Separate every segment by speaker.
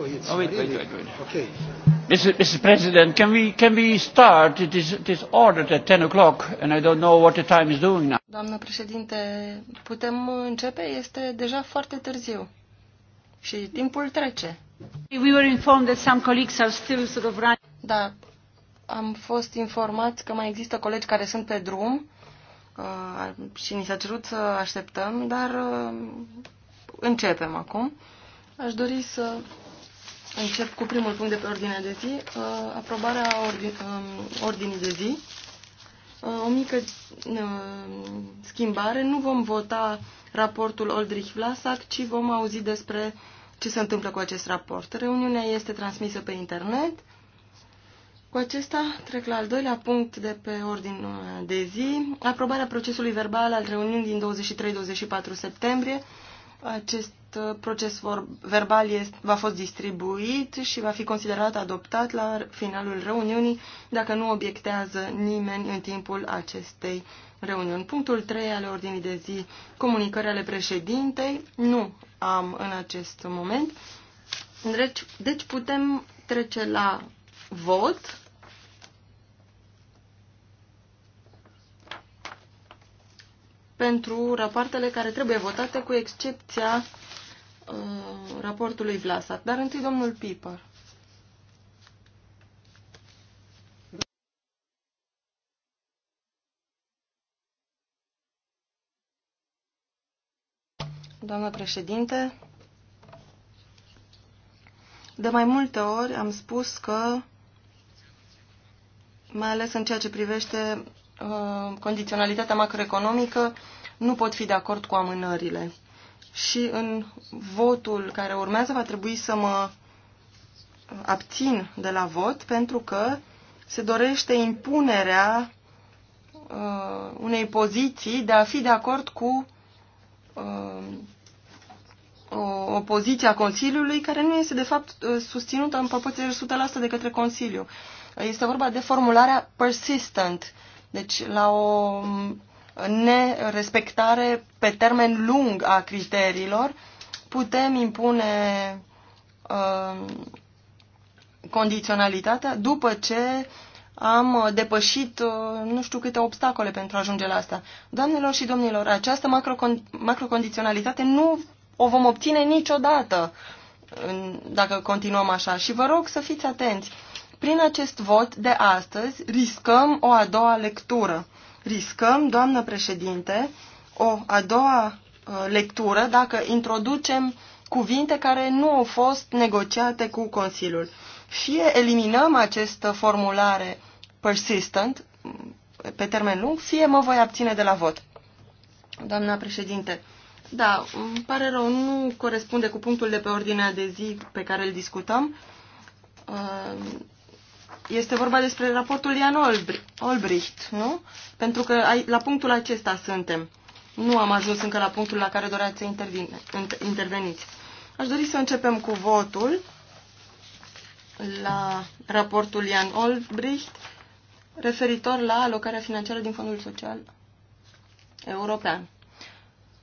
Speaker 1: Oh,
Speaker 2: Mr. President, can we, can we start? It is, it is ordered at ten o'clock and I don't know what the time is doing now.
Speaker 3: Doamnă președinte, putem începe? Este deja foarte târziu și timpul trece. We were informed that some colleagues are still sort of running. Da, am fost informați că mai există colegi care sunt pe drum uh, și ni s-a cerut să așteptăm, dar uh, începem acum. Aș dori să Încep cu primul punct de pe ordinea de zi, uh, aprobarea ordin, um, ordinii de zi. Uh, o mică uh, schimbare, nu vom vota raportul Oldrich Vlasac, ci vom auzi despre ce se întâmplă cu acest raport. Reuniunea este transmisă pe internet. Cu acesta trec la al doilea punct de pe ordin de zi, aprobarea procesului verbal al reuniunii din 23-24 septembrie acest uh, proces verbal este, va fost distribuit și va fi considerat adoptat la finalul reuniunii dacă nu obiectează nimeni în timpul acestei reuniuni. Punctul 3 al ordinii de zi, comunicări ale președintei, nu am în acest moment. Deci, deci putem trece la vot. pentru rapoartele care trebuie votate, cu excepția uh, raportului Vlasat. Dar întâi domnul Piper. Doamnă președinte, de mai multe ori am spus că, mai ales în ceea ce privește Uh, condiționalitatea macroeconomică, nu pot fi de acord cu amânările. Și în votul care urmează va trebui să mă abțin de la vot pentru că se dorește impunerea uh, unei poziții de a fi de acord cu uh, o, o poziție a Consiliului care nu este de fapt uh, susținută în proporție de 100% de către Consiliu. Este vorba de formularea persistent, deci la o nerespectare pe termen lung a criteriilor, putem impune uh, condiționalitatea după ce am depășit uh, nu știu câte obstacole pentru a ajunge la asta. Doamnelor și domnilor, această macrocondiționalitate nu o vom obține niciodată dacă continuăm așa. Și vă rog să fiți atenți. Prin acest vot de astăzi riscăm o a doua lectură. Riscăm, doamnă președinte, o a doua uh, lectură dacă introducem cuvinte care nu au fost negociate cu Consiliul. Fie eliminăm această formulare persistent mm, pe termen lung, fie mă voi abține de la vot. Doamna președinte, da, îmi pare rău, nu corespunde cu punctul de pe ordinea de zi pe care îl discutăm. Uh, este vorba despre raportul Ian Olbricht, nu? Pentru că la punctul acesta suntem. Nu am ajuns încă la punctul la care doreați să intervine, interveniți. Aș dori să începem cu votul la raportul Ian Olbricht referitor la alocarea financiară din Fondul Social European.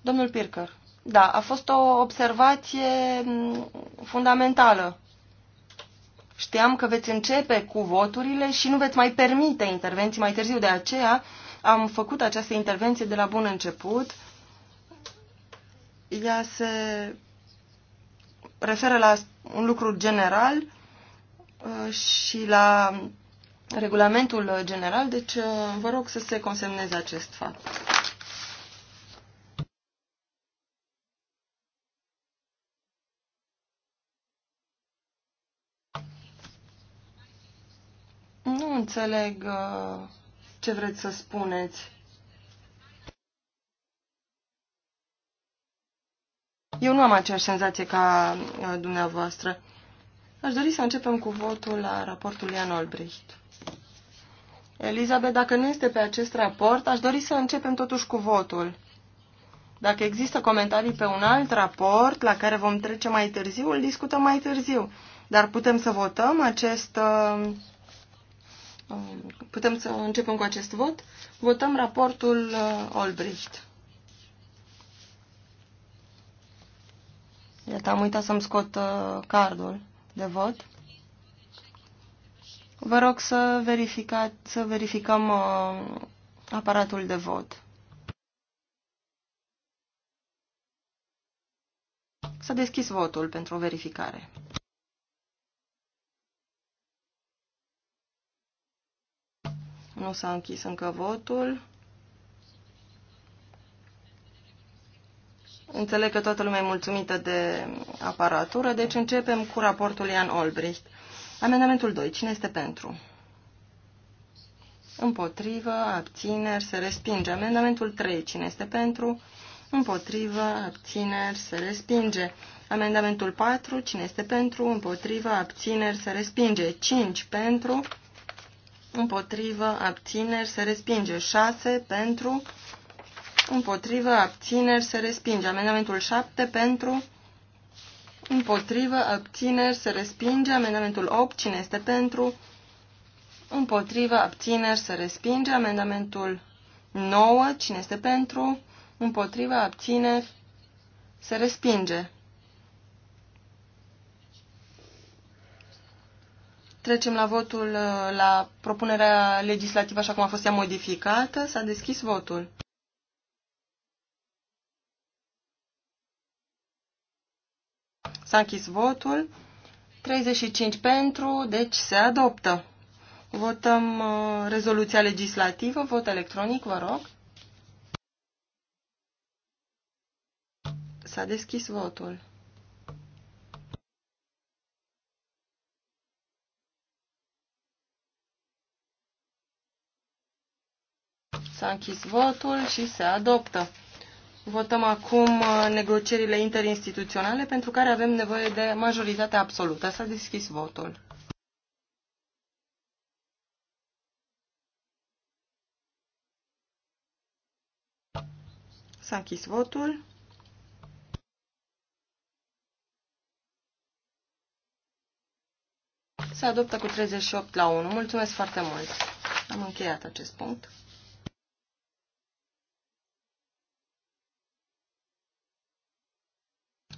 Speaker 3: Domnul Pircăr, da, a fost o observație mm, fundamentală Știam că veți începe cu voturile și nu veți mai permite intervenții mai târziu. De aceea am făcut această intervenție de la bun început. Ea se referă la un lucru general uh, și la regulamentul general, deci uh, vă rog să se consemneze acest fapt. Nu înțeleg uh, ce vreți să spuneți. Eu nu am aceeași senzație ca uh, dumneavoastră. Aș dori să începem cu votul la raportul Ian Olbricht. Elizabeth, dacă nu este pe acest raport, aș dori să începem totuși cu votul. Dacă există comentarii pe un alt raport la care vom trece mai târziu, îl discutăm mai târziu. Dar putem să votăm acest uh, Um, putem să începem cu acest vot. Votăm raportul uh, Olbricht. Iată, am uitat să-mi scot uh, cardul de vot. Vă rog să, verifica, să verificăm uh, aparatul de vot. S-a deschis votul pentru o verificare. Nu s-a închis încă votul. Înțeleg că toată lumea e mulțumită de aparatură, deci începem cu raportul Ian Olbricht. Amendamentul 2. Cine este pentru? Împotrivă, abțineri, se respinge. Amendamentul 3. Cine este pentru? Împotrivă, abțineri, se respinge. Amendamentul 4. Cine este pentru? Împotrivă, abțineri, se respinge. 5. Pentru, împotrivă, abțineri, se respinge. 6 pentru, împotrivă, abțineri, se respinge. Amendamentul 7 pentru, împotrivă, abțineri, se respinge. Amendamentul 8, cine este pentru, împotrivă, abțineri, se respinge. Amendamentul 9, cine este pentru, împotrivă, abțineri, se respinge. Trecem la votul uh, la propunerea legislativă așa cum a fost ea modificată. S-a deschis votul. S-a închis votul. 35 pentru, deci se adoptă. Votăm uh, rezoluția legislativă, vot electronic, vă rog. S-a deschis votul. S-a închis votul și se adoptă. Votăm acum uh, negocierile interinstituționale pentru care avem nevoie de majoritate absolută. S-a deschis votul. S-a închis votul. Se adoptă cu 38 la 1. Mulțumesc foarte mult. Am încheiat acest punct.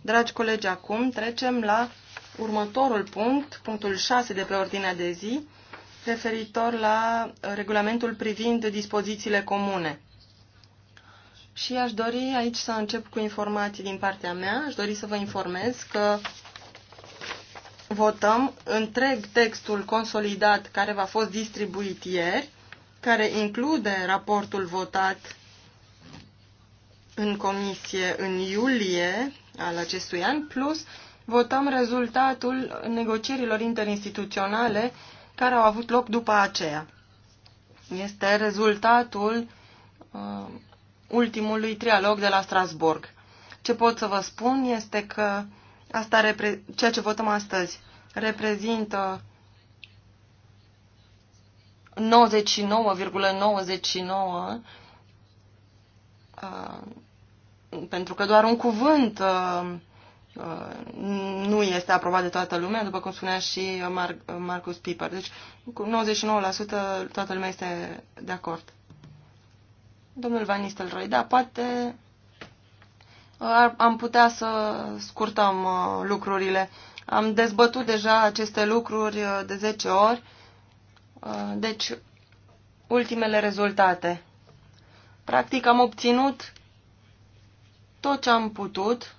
Speaker 3: Dragi colegi, acum trecem la următorul punct, punctul 6 de pe ordinea de zi, referitor la regulamentul privind dispozițiile comune. Și aș dori aici să încep cu informații din partea mea. Aș dori să vă informez că votăm întreg textul consolidat care va fost distribuit ieri, care include raportul votat în comisie în iulie al acestui an, plus votăm rezultatul negocierilor interinstituționale care au avut loc după aceea. Este rezultatul uh, ultimului trialog de la Strasburg. Ce pot să vă spun este că asta ceea ce votăm astăzi reprezintă 99,99 ,99 uh, pentru că doar un cuvânt uh, uh, nu este aprobat de toată lumea, după cum spunea și Mar- Marcus Piper. Deci, cu 99% toată lumea este de acord. Domnul Van Nistelrooy, da, poate ar, am putea să scurtăm uh, lucrurile. Am dezbătut deja aceste lucruri uh, de 10 ori. Uh, deci, ultimele rezultate. Practic, am obținut tot ce am putut.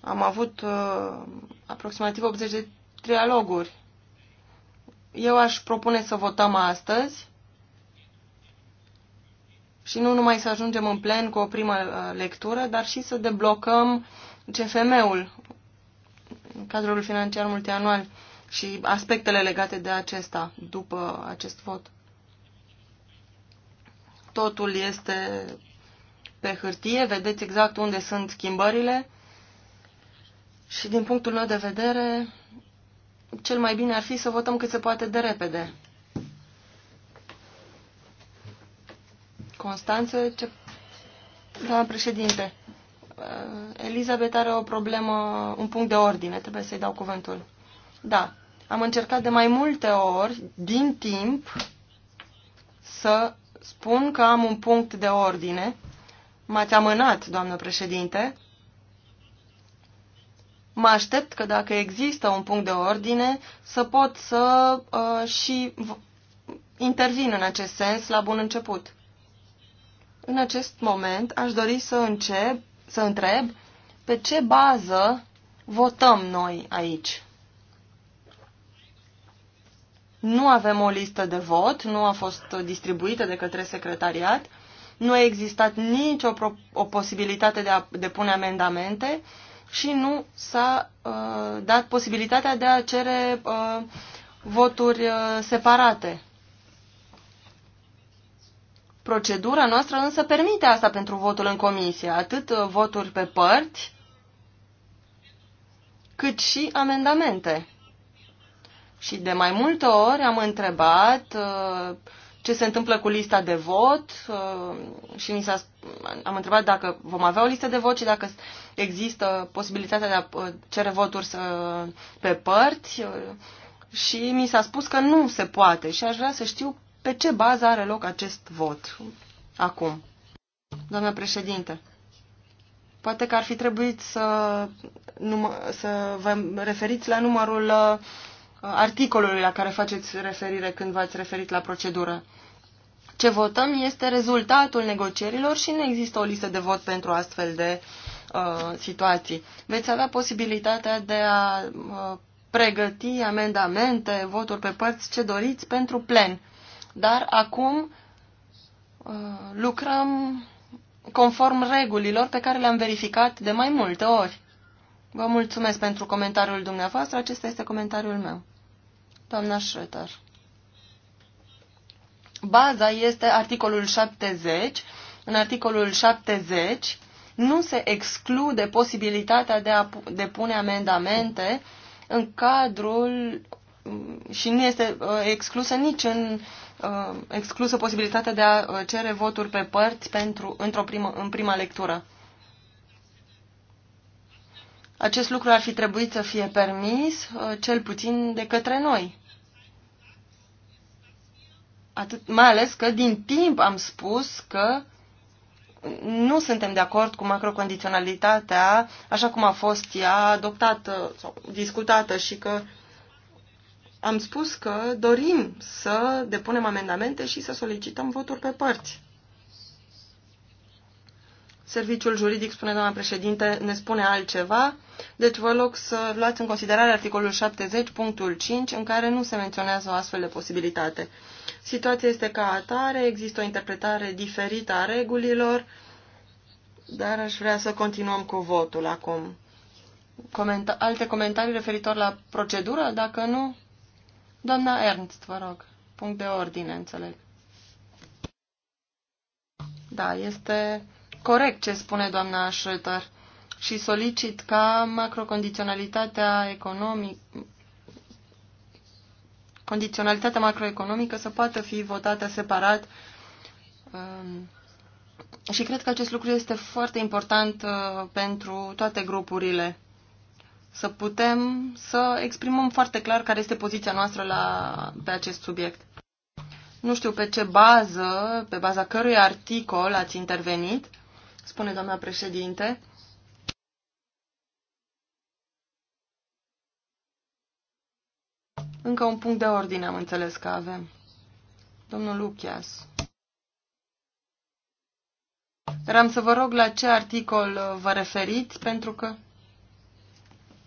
Speaker 3: Am avut uh, aproximativ 80 de trialoguri. Eu aș propune să votăm astăzi și nu numai să ajungem în plen cu o primă uh, lectură, dar și să deblocăm CFM-ul, cadrul financiar multianual și aspectele legate de acesta după acest vot. Totul este pe hârtie, vedeți exact unde sunt schimbările și din punctul meu de vedere, cel mai bine ar fi să votăm cât se poate de repede. Constanță, ce... doamna președinte, uh, Elizabeth are o problemă, un punct de ordine, trebuie să-i dau cuvântul. Da, am încercat de mai multe ori, din timp, să spun că am un punct de ordine M-ați amânat, doamnă președinte. Mă aștept că dacă există un punct de ordine, să pot să uh, și intervin în acest sens la bun început. În acest moment aș dori să încep, să întreb pe ce bază votăm noi aici. Nu avem o listă de vot, nu a fost distribuită de către secretariat, nu a existat nicio o posibilitate de a depune amendamente și nu s-a uh, dat posibilitatea de a cere uh, voturi uh, separate. Procedura noastră însă permite asta pentru votul în comisie, atât uh, voturi pe părți, cât și amendamente. Și de mai multe ori am întrebat uh, ce se întâmplă cu lista de vot uh, și mi s-a, am întrebat dacă vom avea o listă de vot și dacă există posibilitatea de a uh, cere voturi să, pe părți uh, și mi s-a spus că nu se poate și aș vrea să știu pe ce bază are loc acest vot acum. Doamna președinte, poate că ar fi trebuit să, să vă referiți la numărul articolului la care faceți referire când v-ați referit la procedură. Ce votăm este rezultatul negocierilor și nu există o listă de vot pentru astfel de uh, situații. Veți avea posibilitatea de a uh, pregăti amendamente, voturi pe părți, ce doriți pentru plen. Dar acum uh, lucrăm conform regulilor pe care le-am verificat de mai multe ori. Vă mulțumesc pentru comentariul dumneavoastră, acesta este comentariul meu. Doamna Schröter. Baza este articolul 70. În articolul 70 nu se exclude posibilitatea de a depune amendamente în cadrul mm, și nu este uh, exclusă nici în uh, exclusă posibilitatea de a uh, cere voturi pe părți pentru, într-o primă, în prima lectură. Acest lucru ar fi trebuit să fie permis, cel puțin de către noi. Atât, mai ales că din timp am spus că nu suntem de acord cu macrocondiționalitatea așa cum a fost ea adoptată sau discutată și că am spus că dorim să depunem amendamente și să solicităm voturi pe părți. Serviciul juridic, spune doamna președinte, ne spune altceva deci vă rog să luați în considerare articolul 70.5 în care nu se menționează o astfel de posibilitate. Situația este ca atare, există o interpretare diferită a regulilor, dar aș vrea să continuăm cu votul acum. Comenta alte comentarii referitor la procedură? Dacă nu, doamna Ernst, vă rog. Punct de ordine, înțeleg. Da, este corect ce spune doamna Schröter și solicit ca macrocondiționalitatea economică condiționalitatea macroeconomică să poată fi votată separat um, și cred că acest lucru este foarte important uh, pentru toate grupurile. Să putem să exprimăm foarte clar care este poziția noastră la, pe acest subiect. Nu știu pe ce bază, pe baza cărui articol ați intervenit, spune doamna președinte. Încă un punct de ordine am înțeles că avem. Domnul Luchias. Dar am să vă rog la ce articol uh, vă referiți, pentru că,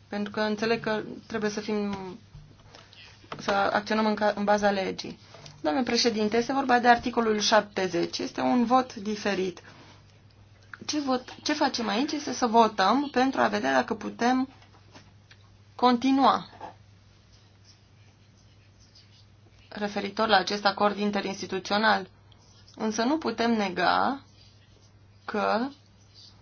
Speaker 3: pentru că înțeleg că trebuie să fim să acționăm în, ca, în baza legii. Doamne președinte, este vorba de articolul 70. Este un vot diferit. Ce, vot, ce facem aici este să votăm pentru a vedea dacă putem continua. referitor la acest acord interinstituțional. Însă nu putem nega că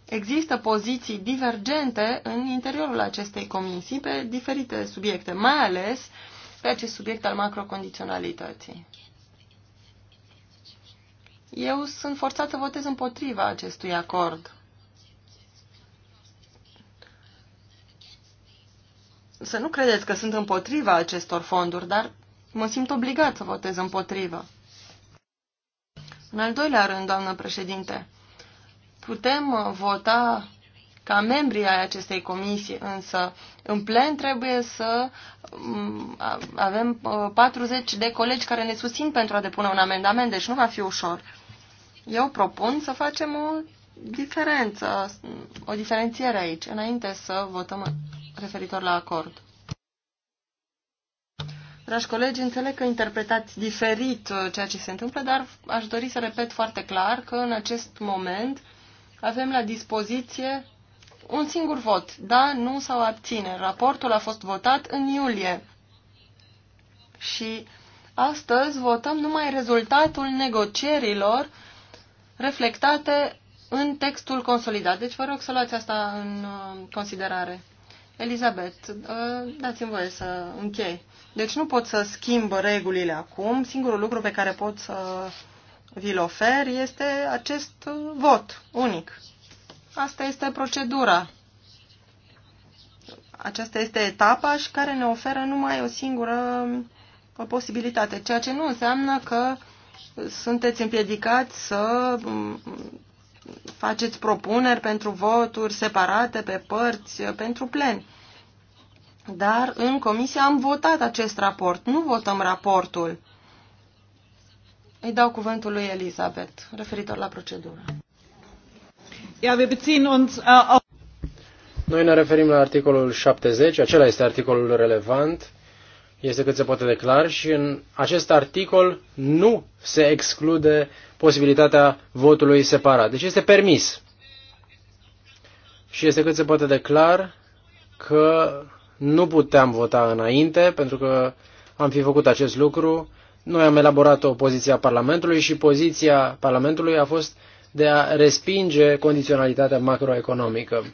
Speaker 3: există poziții divergente în interiorul acestei comisii pe diferite subiecte, mai ales pe acest subiect al macrocondiționalității. Eu sunt forțat să votez împotriva acestui acord. Să nu credeți că sunt împotriva acestor fonduri, dar mă simt obligat să votez împotrivă. În al doilea rând, doamnă președinte, putem uh, vota ca membri ai acestei comisii, însă în plen trebuie să mm, avem 40 uh, de colegi care ne susțin pentru a depune un amendament, deci nu va fi ușor. Eu propun să facem o diferență, o diferențiere aici, înainte să votăm referitor la acord. Dragi colegi, înțeleg că interpretați diferit uh, ceea ce se întâmplă, dar aș dori să repet foarte clar că în acest moment avem la dispoziție un singur vot, da, nu sau abține. Raportul a fost votat în iulie și astăzi votăm numai rezultatul negocierilor reflectate în textul consolidat. Deci vă rog să luați asta în uh, considerare. Elizabeth, uh, dați-mi voie să închei. Deci nu pot să schimb regulile acum. Singurul lucru pe care pot să vi-l ofer este acest vot unic. Asta este procedura. Aceasta este etapa și care ne oferă numai o singură posibilitate, ceea ce nu înseamnă că sunteți împiedicați să mm, faceți propuneri pentru voturi separate pe părți, pentru plen. Dar în comisie am votat acest raport, nu votăm raportul. Îi dau cuvântul lui Elizabeth, referitor la procedură.
Speaker 2: Ja, wir beziehen uns, uh,
Speaker 4: Noi ne referim la articolul 70, acela este articolul relevant, este cât se poate declar și în acest articol nu se exclude posibilitatea votului separat. Deci este permis. Și este cât se poate declar că nu puteam vota înainte, pentru că am fi făcut acest lucru. Noi am elaborat o poziție a Parlamentului și poziția Parlamentului a fost de a respinge condiționalitatea macroeconomică.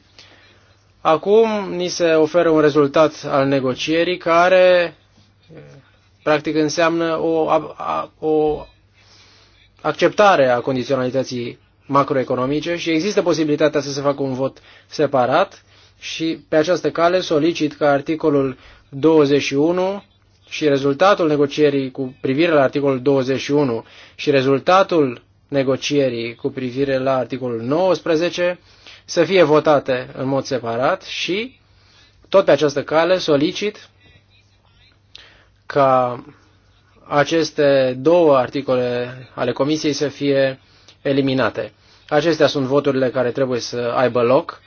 Speaker 4: Acum ni se oferă un rezultat al negocierii care practic înseamnă o, a, a, o acceptare a condiționalității macroeconomice și există posibilitatea să se facă un vot separat și pe această cale solicit ca articolul 21 și rezultatul negocierii cu privire la articolul 21 și rezultatul negocierii cu privire la articolul 19 să fie votate în mod separat și tot pe această cale solicit ca aceste două articole ale comisiei să fie eliminate. Acestea sunt voturile care trebuie să aibă loc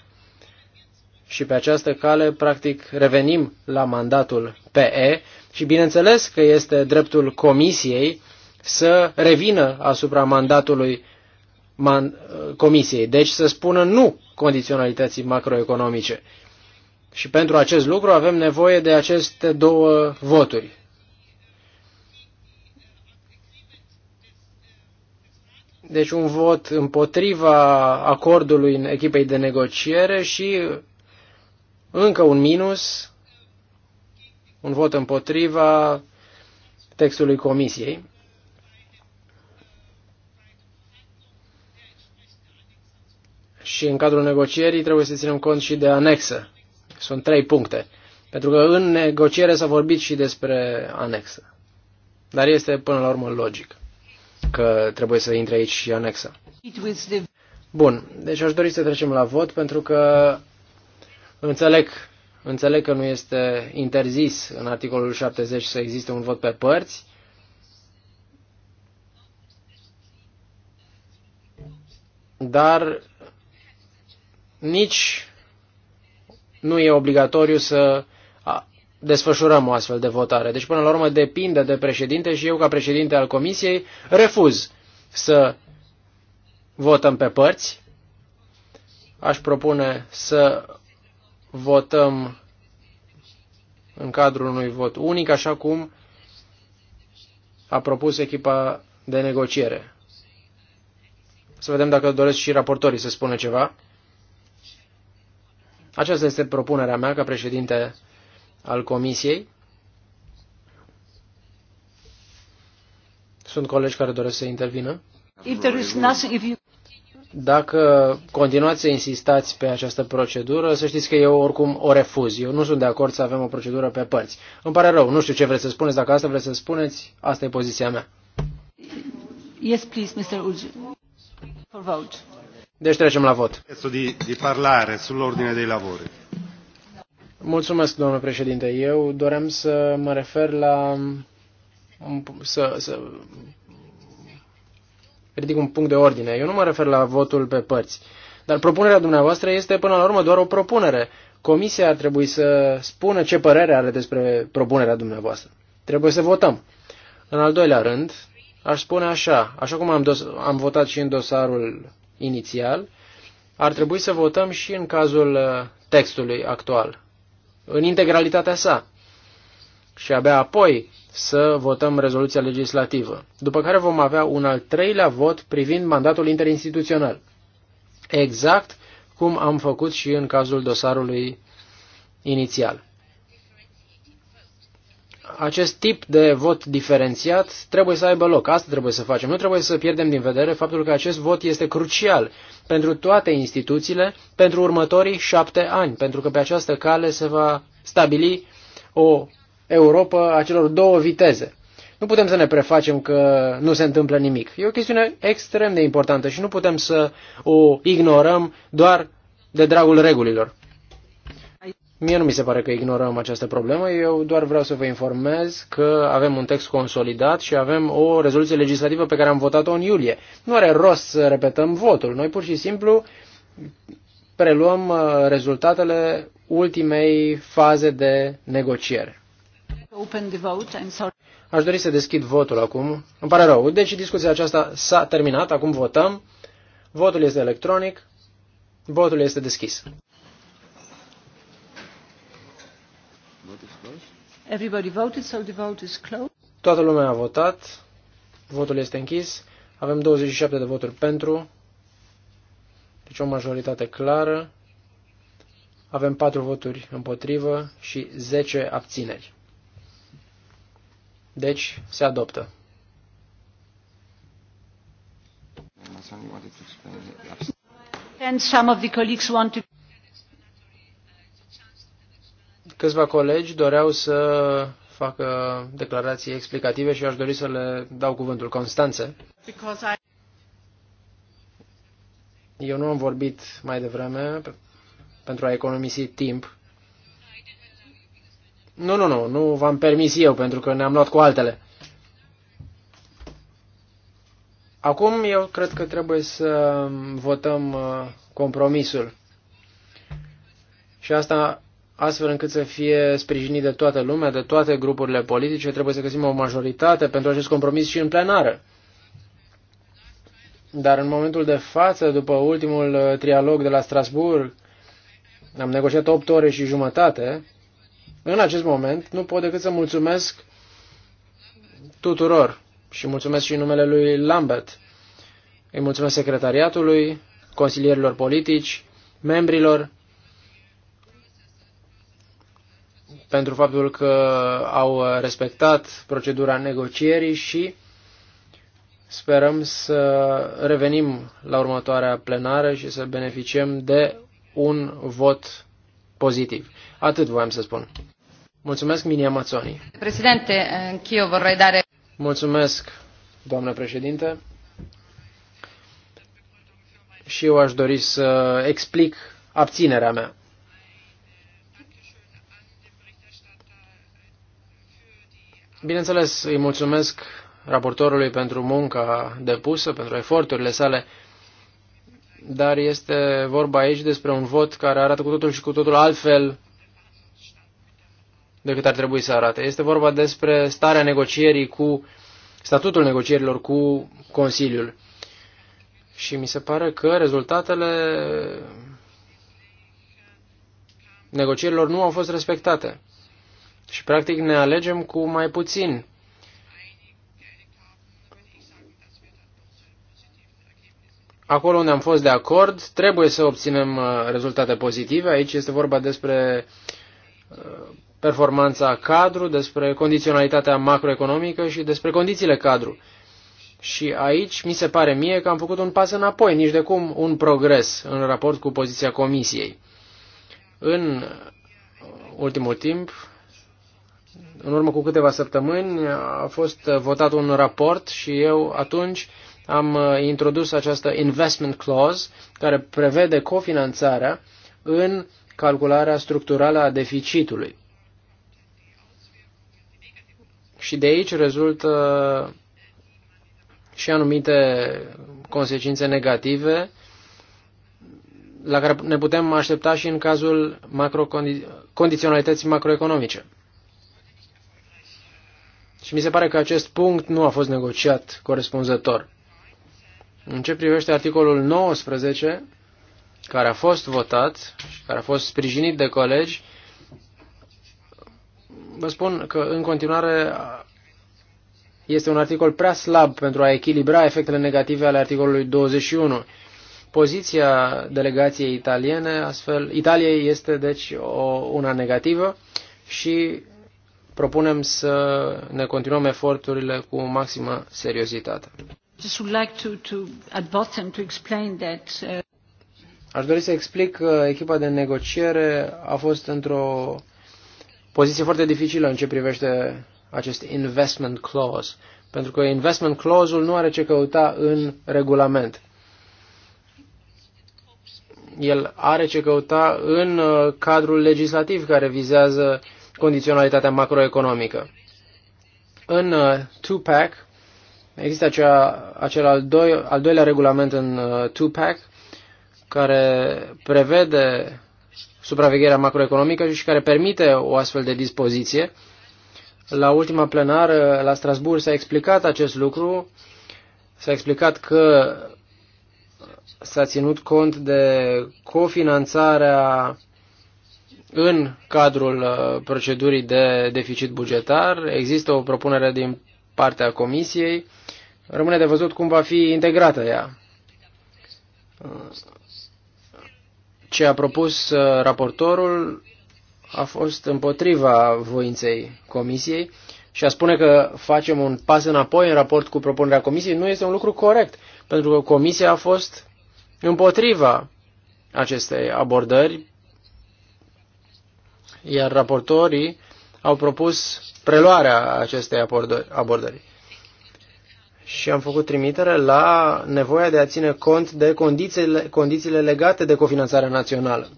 Speaker 4: și pe această cale, practic, revenim la mandatul PE și bineînțeles că este dreptul Comisiei să revină asupra mandatului man, Comisiei, deci să spună nu condiționalității macroeconomice. Și pentru acest lucru avem nevoie de aceste două voturi. Deci un vot împotriva acordului în echipei de negociere și încă un minus, un vot împotriva textului comisiei. Și în cadrul negocierii trebuie să ținem cont și de anexă. Sunt trei puncte. Pentru că în negociere s-a vorbit și despre anexă. Dar este până la urmă logic că trebuie să intre aici și anexa. Bun, deci aș dori să trecem la vot pentru că Înțeleg, înțeleg că nu este interzis în articolul 70 să existe un vot pe părți, dar nici nu e obligatoriu să desfășurăm o astfel de votare. Deci, până la urmă, depinde de președinte și eu, ca președinte al comisiei, refuz să votăm pe părți. Aș propune să votăm în cadrul unui vot unic, așa cum a propus echipa de negociere. Să vedem dacă doresc și raportorii să spună ceva. Aceasta este propunerea mea ca președinte al comisiei. Sunt colegi care doresc să intervină. If there is nothing, if you... Dacă continuați să insistați pe această procedură, să știți că eu oricum o refuz. Eu nu sunt de acord să avem o procedură pe părți. Îmi pare rău, nu știu ce vreți să spuneți, dacă asta vreți să spuneți, asta e poziția mea.
Speaker 1: Yes, please, Mr. Uge. For vote. Deci trecem la vot. Di, di parlare sull'ordine dei lavori.
Speaker 4: Mulțumesc, domnule președinte. Eu doream să mă refer la să, să ridic un punct de ordine. Eu nu mă refer la votul pe părți. Dar propunerea dumneavoastră este până la urmă doar o propunere. Comisia ar trebui să spună ce părere are despre propunerea dumneavoastră. Trebuie să votăm. În al doilea rând, aș spune așa, așa cum am, am votat și în dosarul inițial, ar trebui să votăm și în cazul uh, textului actual, în integralitatea sa. Și abia apoi să votăm rezoluția legislativă, după care vom avea un al treilea vot privind mandatul interinstituțional. Exact cum am făcut și în cazul dosarului inițial. Acest tip de vot diferențiat trebuie să aibă loc. Asta trebuie să facem. Nu trebuie să pierdem din vedere faptul că acest vot este crucial pentru toate instituțiile pentru următorii șapte ani, pentru că pe această cale se va stabili o Europa a celor două viteze. Nu putem să ne prefacem că nu se întâmplă nimic. E o chestiune extrem de importantă și nu putem să o ignorăm doar de dragul regulilor. Mie nu mi se pare că ignorăm această problemă, eu doar vreau să vă informez că avem un text consolidat și avem o rezoluție legislativă pe care am votat-o în iulie. Nu are rost să repetăm votul, noi pur și simplu preluăm uh, rezultatele ultimei faze de negociere. Aș dori să deschid votul acum. Îmi pare rău. Deci discuția aceasta s-a terminat. Acum votăm. Votul este electronic. Votul este deschis.
Speaker 3: Everybody voted, so the vote is closed.
Speaker 4: Toată lumea a votat. Votul este închis. Avem 27 de voturi pentru. Deci o majoritate clară. Avem 4 voturi împotrivă și 10 abțineri. Deci, se adoptă. Câțiva colegi doreau să facă declarații explicative și aș dori să le dau cuvântul. Constanțe. Eu nu am vorbit mai devreme pentru a economisi timp. Nu, nu, nu, nu v-am permis eu, pentru că ne-am luat cu altele. Acum eu cred că trebuie să votăm uh, compromisul. Și asta astfel încât să fie sprijinit de toată lumea, de toate grupurile politice, trebuie să găsim o majoritate pentru acest compromis și în plenară. Dar în momentul de față, după ultimul uh, trialog de la Strasburg, am negociat 8 ore și jumătate în acest moment nu pot decât să mulțumesc tuturor și mulțumesc și numele lui Lambert. Îi mulțumesc secretariatului, consilierilor politici, membrilor, pentru faptul că au respectat procedura negocierii și sperăm să revenim la următoarea plenară și să beneficiem de un vot pozitiv. Atât voiam să spun. Mulțumesc, Minia Mazzoni.
Speaker 5: Președinte, eu vorrei dare...
Speaker 4: Mulțumesc, doamnă președinte. Și eu aș dori să explic abținerea mea. Bineînțeles, îi mulțumesc raportorului pentru munca depusă, pentru eforturile sale, dar este vorba aici despre un vot care arată cu totul și cu totul altfel decât ar trebui să arate. Este vorba despre starea negocierii cu statutul negocierilor cu Consiliul. Și mi se pare că rezultatele negocierilor nu au fost respectate. Și practic ne alegem cu mai puțin. Acolo unde am fost de acord, trebuie să obținem uh, rezultate pozitive. Aici este vorba despre uh, performanța cadru, despre condiționalitatea macroeconomică și despre condițiile cadru. Și aici mi se pare mie că am făcut un pas înapoi, nici de cum un progres în raport cu poziția Comisiei. În ultimul timp, în urmă cu câteva săptămâni, a fost votat un raport și eu atunci am introdus această investment clause care prevede cofinanțarea în calcularea structurală a deficitului. Și de aici rezultă și anumite consecințe negative la care ne putem aștepta și în cazul condiționalității macroeconomice. Și mi se pare că acest punct nu a fost negociat corespunzător. În ce privește articolul 19, care a fost votat și care a fost sprijinit de colegi, vă spun că în continuare este un articol prea slab pentru a echilibra efectele negative ale articolului 21. Poziția delegației italiene, astfel, Italiei este deci o, una negativă și propunem să ne continuăm eforturile cu maximă seriozitate.
Speaker 2: Uh,
Speaker 4: Aș dori să explic că echipa de negociere a fost într-o poziție foarte dificilă în ce privește acest investment clause, pentru că investment clause-ul nu are ce căuta în regulament. El are ce căuta în uh, cadrul legislativ care vizează condiționalitatea macroeconomică. În uh, Tupac există acea, acel al, doi, al doilea regulament în uh, Tupac care prevede supravegherea macroeconomică și care permite o astfel de dispoziție. La ultima plenară la Strasbourg s-a explicat acest lucru, s-a explicat că s-a ținut cont de cofinanțarea în cadrul uh, procedurii de deficit bugetar. Există o propunere din partea Comisiei. Rămâne de văzut cum va fi integrată ea. Uh, ce a propus uh, raportorul a fost împotriva voinței comisiei și a spune că facem un pas înapoi în raport cu propunerea comisiei nu este un lucru corect, pentru că comisia a fost împotriva acestei abordări, iar raportorii au propus preluarea acestei abordări și am făcut trimitere la nevoia de a ține cont de condițiile, condițiile legate de cofinanțarea națională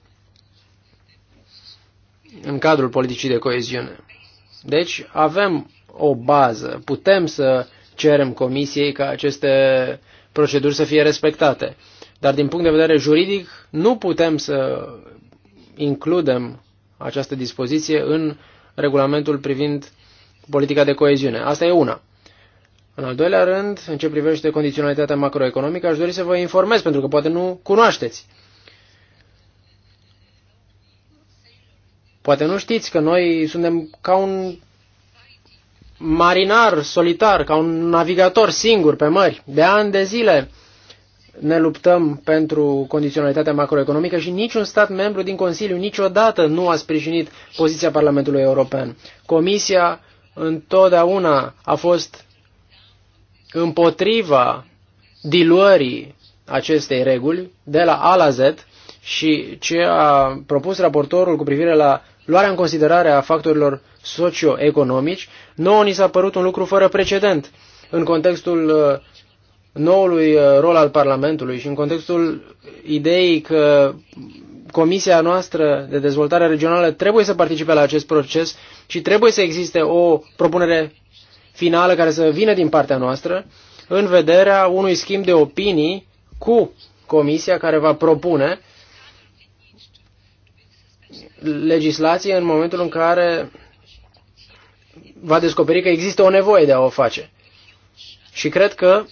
Speaker 4: în cadrul politicii de coeziune. Deci avem o bază, putem să cerem comisiei ca aceste proceduri să fie respectate. Dar din punct de vedere juridic nu putem să includem această dispoziție în regulamentul privind politica de coeziune. Asta e una. În al doilea rând, în ce privește condiționalitatea macroeconomică, aș dori să vă informez, pentru că poate nu cunoașteți. Poate nu știți că noi suntem ca un marinar solitar, ca un navigator singur pe mări. De ani de zile ne luptăm pentru condiționalitatea macroeconomică și niciun stat membru din Consiliu niciodată nu a sprijinit poziția Parlamentului European. Comisia întotdeauna a fost împotriva diluării acestei reguli de la A la Z și ce a propus raportorul cu privire la luarea în considerare a factorilor socioeconomici, nouă ni s-a părut un lucru fără precedent în contextul uh, noului uh, rol al Parlamentului și în contextul ideii că Comisia noastră de dezvoltare regională trebuie să participe la acest proces și trebuie să existe o propunere finală care să vină din partea noastră în vederea unui schimb de opinii cu comisia care va propune legislație în momentul în care va descoperi că există o nevoie de a o face. Și cred că,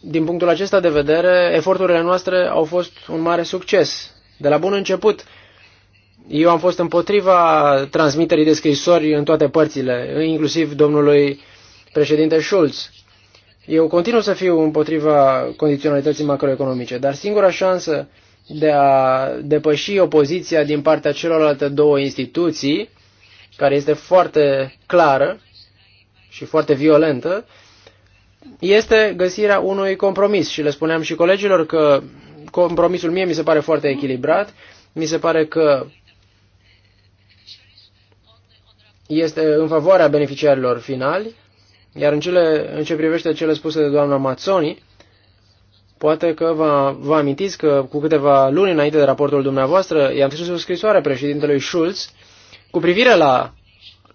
Speaker 4: din punctul acesta de vedere, eforturile noastre au fost un mare succes. De la bun început, eu am fost împotriva transmiterii de scrisori în toate părțile, inclusiv domnului președinte Schulz. Eu continu să fiu împotriva condiționalității macroeconomice, dar singura șansă de a depăși opoziția din partea celorlalte două instituții, care este foarte clară și foarte violentă, este găsirea unui compromis. Și le spuneam și colegilor că compromisul mie mi se pare foarte echilibrat, mi se pare că este în favoarea beneficiarilor finali, iar în, cele, în ce privește cele spuse de doamna Mazzoni, poate că vă, vă amintiți că cu câteva luni înainte de raportul dumneavoastră i-am scris o scrisoare președintelui Schulz cu privire la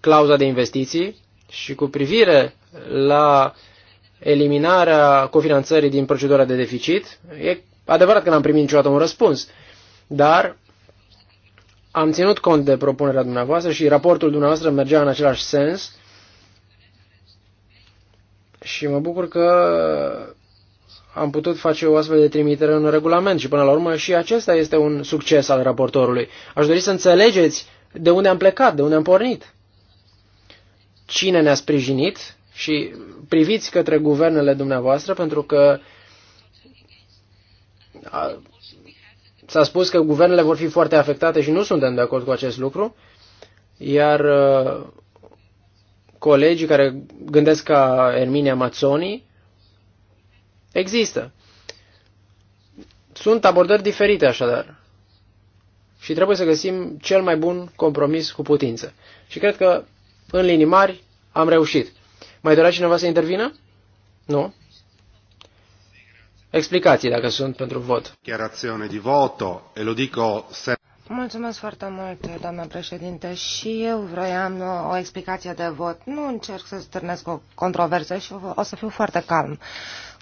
Speaker 4: clauza de investiții și cu privire la eliminarea cofinanțării din procedura de deficit. E adevărat că n-am primit niciodată un răspuns, dar am ținut cont de propunerea dumneavoastră și raportul dumneavoastră mergea în același sens și mă bucur că am putut face o astfel de trimitere în regulament și până la urmă și acesta este un succes al raportorului. Aș dori să înțelegeți de unde am plecat, de unde am pornit. Cine ne-a sprijinit și priviți către guvernele dumneavoastră pentru că s-a spus că guvernele vor fi foarte afectate și nu suntem de acord cu acest lucru, iar uh, colegi care gândesc ca Erminia Mazzoni, există. Sunt abordări diferite așadar. Și trebuie să găsim cel mai bun compromis cu putință. Și cred că, în linii mari, am reușit. Mai dorea cineva să intervină? Nu? Explicații, dacă sunt, pentru vot. Dichiarazione de voto, e lo dico
Speaker 2: se...
Speaker 5: Mulțumesc foarte mult, doamna președinte. Și eu vroiam o explicație de vot. Nu încerc să stârnesc o controversă și o să fiu foarte calm.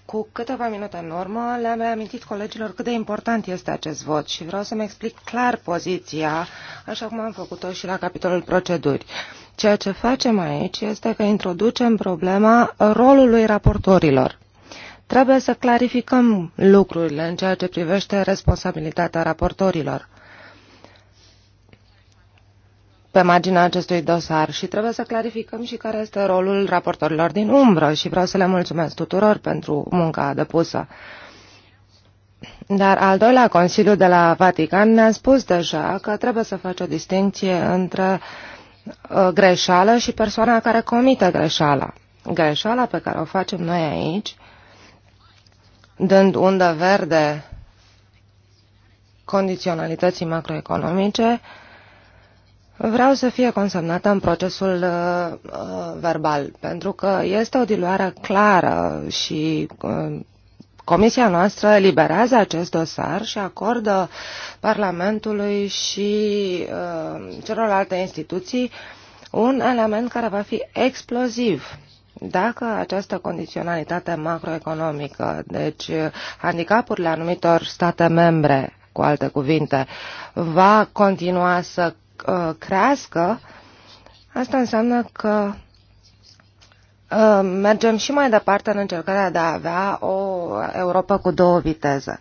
Speaker 5: Cu câteva minute în urmă le-am reamintit colegilor cât de important este acest vot și vreau să-mi explic clar poziția, așa cum am făcut-o și la capitolul proceduri. Ceea ce facem aici este că introducem problema rolului raportorilor trebuie să clarificăm lucrurile în ceea ce privește responsabilitatea raportorilor pe marginea acestui dosar și trebuie să clarificăm și care este rolul raportorilor din umbră și vreau să le mulțumesc tuturor pentru munca depusă. Dar al doilea Consiliu de la Vatican ne-a spus deja că trebuie să faci o distinție între uh, greșeală și persoana care comite greșeala. Greșeala pe care o facem noi aici, dând undă verde condiționalității macroeconomice, Vreau să fie consemnată în procesul uh, uh, verbal, pentru că este o diluare clară și uh, Comisia noastră eliberează acest dosar și acordă Parlamentului și uh, celorlalte instituții un element care va fi exploziv dacă această condiționalitate macroeconomică, deci uh, handicapurile anumitor state membre, cu alte cuvinte, va continua să Uh, crească, asta înseamnă că uh, mergem și mai departe în încercarea de a avea o Europa cu două viteze.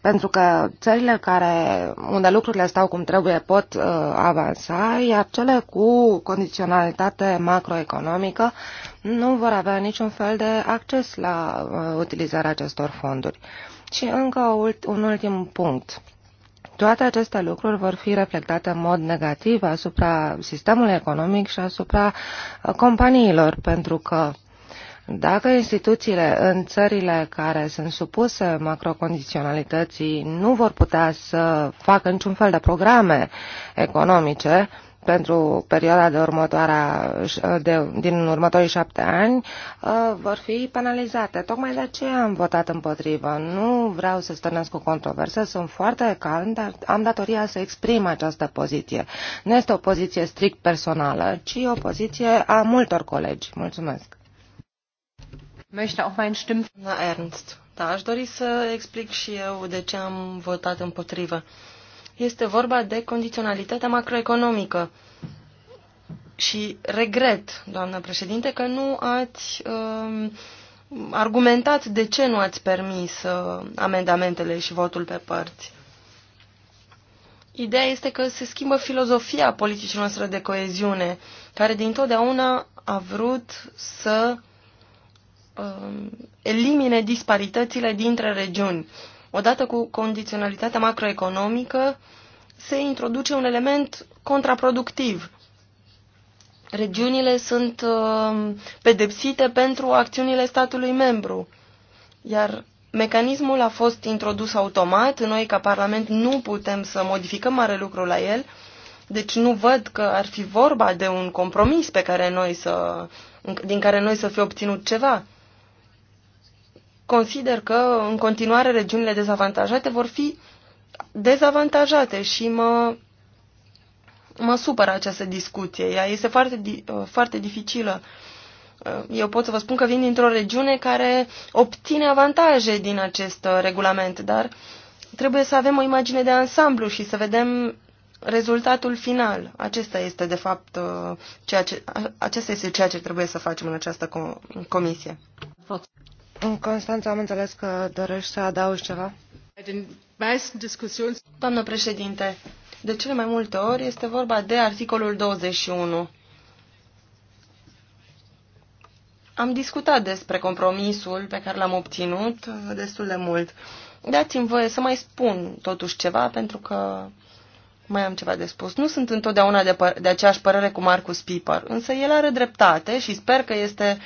Speaker 5: Pentru că țările care, unde lucrurile stau cum trebuie pot uh, avansa, iar cele cu condiționalitate macroeconomică nu vor avea niciun fel de acces la uh, utilizarea acestor fonduri. Și încă un ultim punct. Toate aceste lucruri vor fi reflectate în mod negativ asupra sistemului economic și asupra uh, companiilor, pentru că dacă instituțiile în țările care sunt supuse macrocondiționalității nu vor putea să facă niciun fel de programe economice, pentru perioada de următoarea, de, din următorii șapte ani uh, vor fi penalizate. Tocmai de aceea am votat împotrivă. Nu vreau să stănesc o controversă, sunt foarte calm, dar am datoria să exprim această poziție. Nu este o poziție strict personală, ci o poziție a multor colegi. Mulțumesc.
Speaker 3: Möchte auch mein Stimm. Na, Ernst. Da, aș dori să explic și eu de ce am votat împotrivă. Este vorba de condiționalitatea macroeconomică. Și regret, doamnă președinte, că nu ați uh, argumentat de ce nu ați permis uh, amendamentele și votul pe părți. Ideea este că se schimbă filozofia politicii noastre de coeziune, care dintotdeauna a vrut să uh, elimine disparitățile dintre regiuni. Odată cu condiționalitatea macroeconomică, se introduce un element contraproductiv. Regiunile sunt uh, pedepsite pentru acțiunile statului membru, iar mecanismul a fost introdus automat. Noi, ca Parlament, nu putem să modificăm mare lucru la el, deci nu văd că ar fi vorba de un compromis pe care noi să, din care noi să fi obținut ceva consider că în continuare regiunile dezavantajate vor fi dezavantajate și mă, mă supără această discuție. Ea este foarte, uh, foarte dificilă. Uh, eu pot să vă spun că vin dintr-o regiune care obține avantaje din acest uh, regulament, dar trebuie să avem o imagine de ansamblu și să vedem rezultatul final. Acesta este, de fapt, ceea ce, acesta este ceea ce trebuie să facem în această comisie.
Speaker 5: Constanța, am înțeles că dorești să adaugi ceva. Doamnă președinte,
Speaker 3: de cele mai multe ori este vorba de articolul 21. Am discutat despre compromisul pe care l-am obținut uh, destul de mult. Dați-mi voie să mai spun totuși ceva, pentru că mai am ceva de spus. Nu sunt întotdeauna de, de aceeași părere cu Marcus Piper, însă el are dreptate și sper că este uh,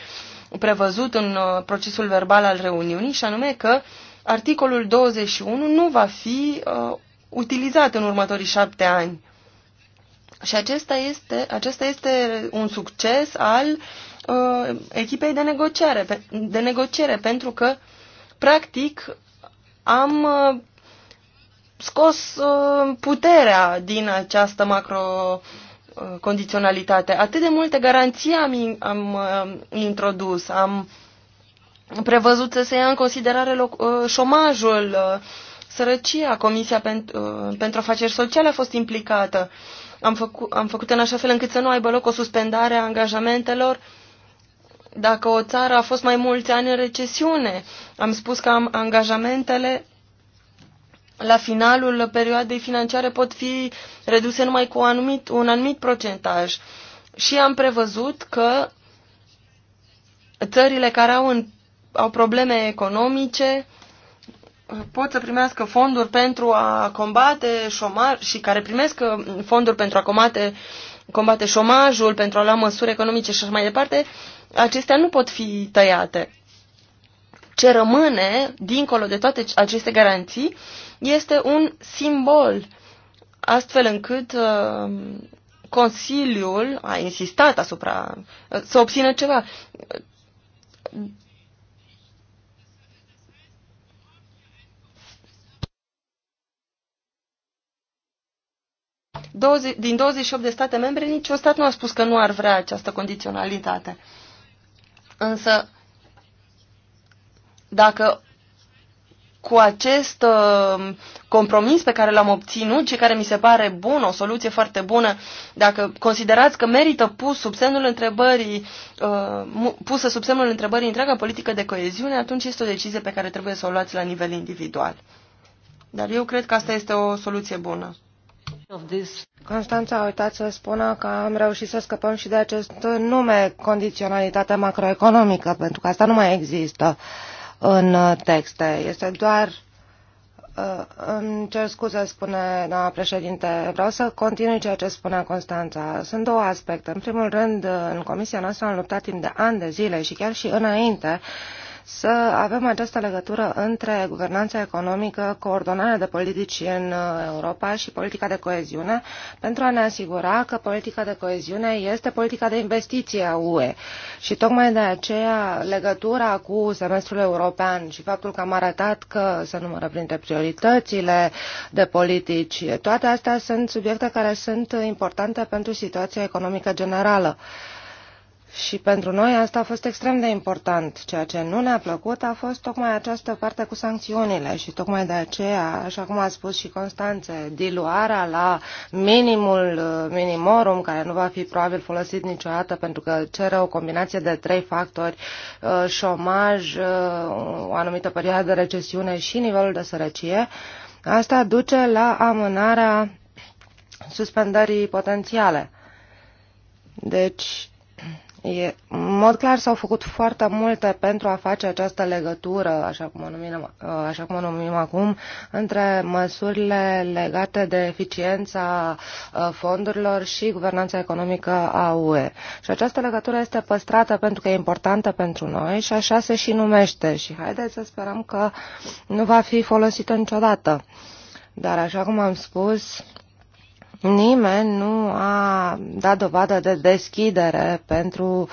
Speaker 3: prevăzut în uh, procesul verbal al reuniunii, și anume că articolul 21 nu va fi uh, utilizat în următorii șapte ani. Și acesta este, acesta este un succes al uh, echipei de negociere, de negociere, pentru că, practic, am uh, scos uh, puterea din această macro Uh, condiționalitate. Atât de multe garanții am, am uh, introdus, am prevăzut să se ia în considerare loc, uh, șomajul, sărăcia, Comisia pentru, pentru Afaceri Sociale a fost implicată. Am făcut, am făcut în așa fel încât să nu aibă loc o suspendare a angajamentelor dacă o țară a fost mai mulți ani în recesiune. Am spus că am, angajamentele la finalul perioadei financiare pot fi reduse numai cu un anumit, un anumit procentaj. Și am prevăzut că țările care au, în, au probleme economice pot să primească fonduri pentru a combate șomaj și care primesc uh, fonduri pentru a combate, combate șomajul, pentru a lua măsuri economice și așa mai departe, acestea nu pot fi tăiate. Ce rămâne, dincolo de toate aceste garanții, este un simbol, astfel încât uh, Consiliul a insistat asupra uh, să obțină ceva. din 28 de state membre, niciun stat nu a spus că nu ar vrea această condiționalitate. Însă, dacă cu acest uh, compromis pe care l-am obținut și care mi se pare bun, o soluție foarte bună, dacă considerați că merită pus sub semnul întrebării, uh, pusă sub semnul întrebării întreaga politică de coeziune, atunci este o decizie pe care trebuie să o luați la nivel individual. Dar eu cred că asta este o soluție bună.
Speaker 5: Constanța a uitat să spună că am reușit să scăpăm și de acest nume condiționalitate macroeconomică, pentru că asta nu mai există. Uh, în uh, texte. Este doar uh, îmi cer scuze, spune doamna președinte. Vreau să continui ceea ce spunea Constanța. Sunt două aspecte. În primul rând, uh, în comisia noastră am luptat timp de ani de zile și chiar și înainte să avem această legătură între guvernanța economică, coordonarea de politici în uh, Europa și politica de coeziune, pentru a ne asigura că politica de coeziune este politica de investiție a UE. Și tocmai de aceea legătura cu semestrul european și faptul că am arătat că se numără printre prioritățile de politici, toate astea sunt subiecte care sunt importante pentru situația economică generală. Și pentru noi asta a fost extrem de important. Ceea ce nu ne-a plăcut a fost tocmai această parte cu sancțiunile și tocmai de aceea, așa cum a spus și Constanțe, diluarea la minimul uh, minimorum, care nu va fi probabil folosit niciodată pentru că cere o combinație de trei factori, uh, șomaj, uh, o anumită perioadă de recesiune și nivelul de sărăcie, asta duce la amânarea suspendării potențiale. Deci, E, în mod clar s-au făcut foarte multe pentru a face această legătură, așa cum o numim, uh, așa cum o numim acum, între măsurile legate de eficiența uh, fondurilor și guvernanța economică a UE. Și această legătură este păstrată pentru că e importantă pentru noi și așa se și numește. Și haideți să sperăm că nu va fi folosită niciodată. Dar, așa cum am spus, Nimeni nu a dat dovadă de deschidere pentru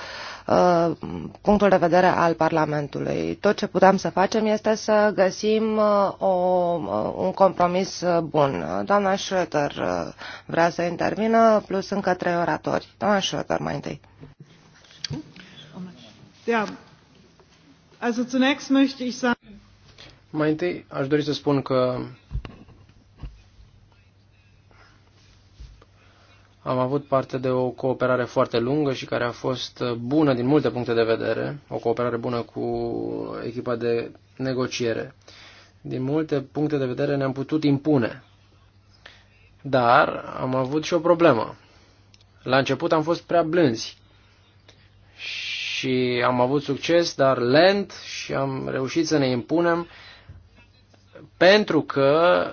Speaker 5: uh, punctul de vedere al Parlamentului. Tot ce putem să facem este să găsim uh, o, uh, un compromis bun. Doamna Schröter vrea să intervină, plus încă trei oratori. Doamna Schröter mai întâi.
Speaker 1: Da. Also zunächst möchte ich sagen...
Speaker 4: Mai întâi aș dori să spun că Am avut parte de o cooperare foarte lungă și care a fost bună din multe puncte de vedere, o cooperare bună cu echipa de negociere. Din multe puncte de vedere ne-am putut impune. Dar am avut și o problemă. La început am fost prea blânzi și am avut succes, dar lent și am reușit să ne impunem pentru că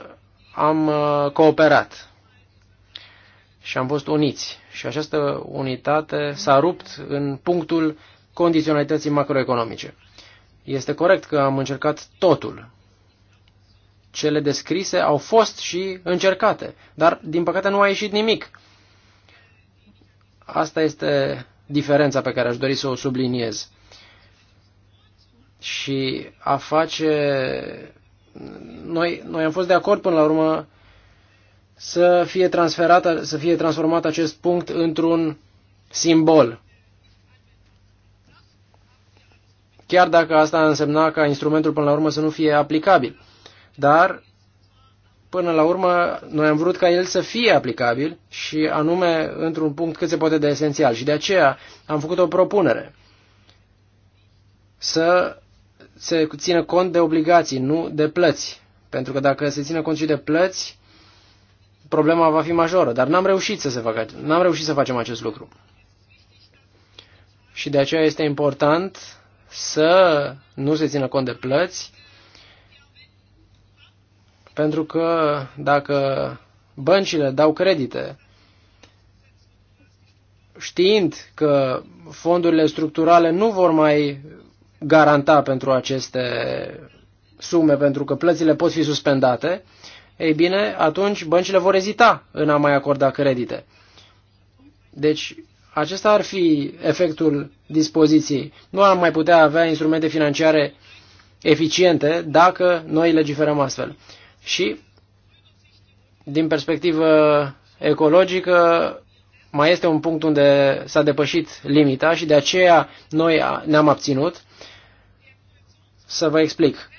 Speaker 4: am uh, cooperat și am fost uniți. Și această unitate s-a rupt în punctul condiționalității macroeconomice. Este corect că am încercat totul. Cele descrise au fost și încercate, dar din păcate nu a ieșit nimic. Asta este diferența pe care aș dori să o subliniez. Și a face... Noi, noi am fost de acord până la urmă să fie, transferat, să fie transformat acest punct într-un simbol. Chiar dacă asta însemna ca instrumentul până la urmă să nu fie aplicabil. Dar, până la urmă, noi am vrut ca el să fie aplicabil și anume într-un punct cât se poate de esențial. Și de aceea am făcut o propunere să se țină cont de obligații, nu de plăți. Pentru că dacă se țină cont și de plăți, problema va fi majoră, dar n-am reușit, să se facă, n-am reușit să facem acest lucru. Și de aceea este important să nu se țină cont de plăți, pentru că dacă băncile dau credite, știind că fondurile structurale nu vor mai garanta pentru aceste sume, pentru că plățile pot fi suspendate, ei bine, atunci băncile vor ezita în a mai acorda credite. Deci, acesta ar fi efectul dispoziției. Nu am mai putea avea instrumente financiare eficiente dacă noi legiferăm astfel. Și, din perspectivă ecologică, mai este un punct unde s-a depășit limita și de aceea noi ne-am abținut. Să vă explic.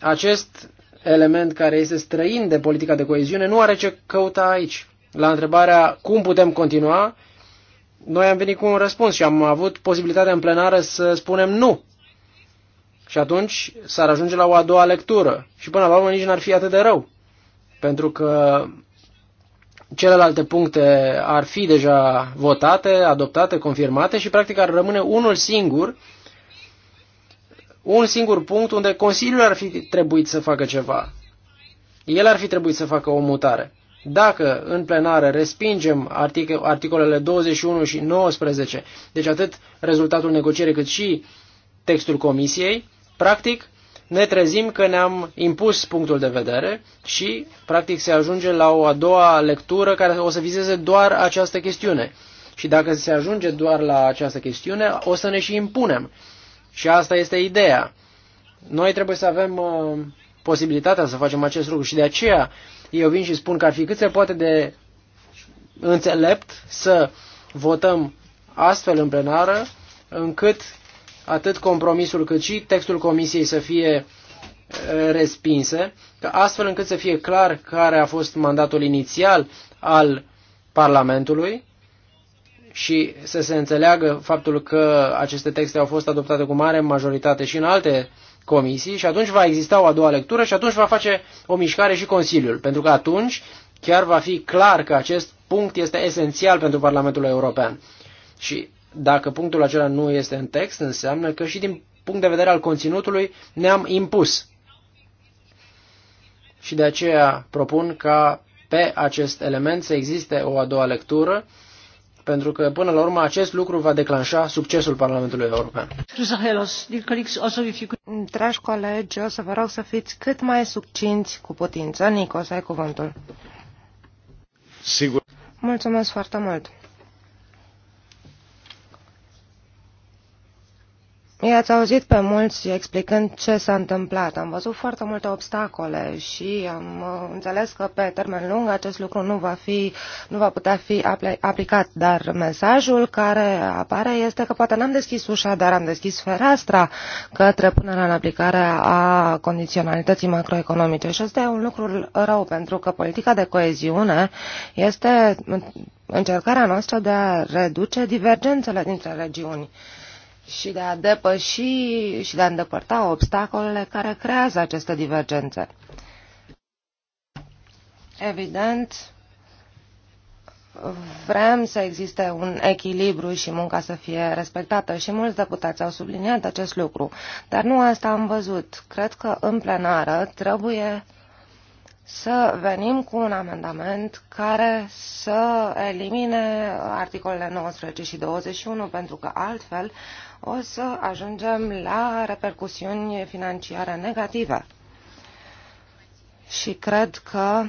Speaker 4: Acest element care este străin de politica de coeziune, nu are ce căuta aici. La întrebarea cum putem continua, noi am venit cu un răspuns și am avut posibilitatea în plenară să spunem nu. Și atunci s-ar ajunge la o a doua lectură și până la urmă nici n-ar fi atât de rău. Pentru că celelalte puncte ar fi deja votate, adoptate, confirmate și practic ar rămâne unul singur un singur punct unde Consiliul ar fi trebuit să facă ceva. El ar fi trebuit să facă o mutare. Dacă în plenară respingem articolele 21 și 19, deci atât rezultatul negocierii cât și textul comisiei, practic ne trezim că ne-am impus punctul de vedere și practic se ajunge la o a doua lectură care o să vizeze doar această chestiune. Și dacă se ajunge doar la această chestiune, o să ne și impunem. Și asta este ideea. Noi trebuie să avem uh, posibilitatea să facem acest lucru și de aceea eu vin și spun că ar fi cât se poate de înțelept să votăm astfel în plenară încât atât compromisul cât și textul comisiei să fie uh, respinse, astfel încât să fie clar care a fost mandatul inițial al Parlamentului și să se înțeleagă faptul că aceste texte au fost adoptate cu mare majoritate și în alte comisii și atunci va exista o a doua lectură și atunci va face o mișcare și Consiliul, pentru că atunci chiar va fi clar că acest punct este esențial pentru Parlamentul European. Și dacă punctul acela nu este în text, înseamnă că și din punct de vedere al conținutului ne-am impus. Și de aceea propun ca pe acest element să existe o a doua lectură pentru că până la urmă acest lucru va declanșa succesul Parlamentului European.
Speaker 5: Dragi colegi, o să vă rog să fiți cât mai succinți cu putință. Nico, să ai cuvântul. Sigur. Mulțumesc foarte mult. I-ați auzit pe mulți explicând ce s-a întâmplat. Am văzut foarte multe obstacole și am uh, înțeles că pe termen lung acest lucru nu va, fi, nu va putea fi aplicat, dar mesajul care apare este că poate n-am deschis ușa, dar am deschis fereastra către punerea în aplicare a condiționalității macroeconomice. Și asta e un lucru rău, pentru că politica de coeziune este încercarea noastră de a reduce divergențele dintre regiuni și de a depăși și de a îndepărta obstacolele care creează aceste divergențe. Evident, vrem să existe un echilibru și munca să fie respectată și mulți deputați au subliniat acest lucru, dar nu asta am văzut. Cred că în plenară trebuie să venim cu un amendament care să elimine articolele 19 și 21, pentru că altfel o să ajungem la repercusiuni financiare negative. Și cred că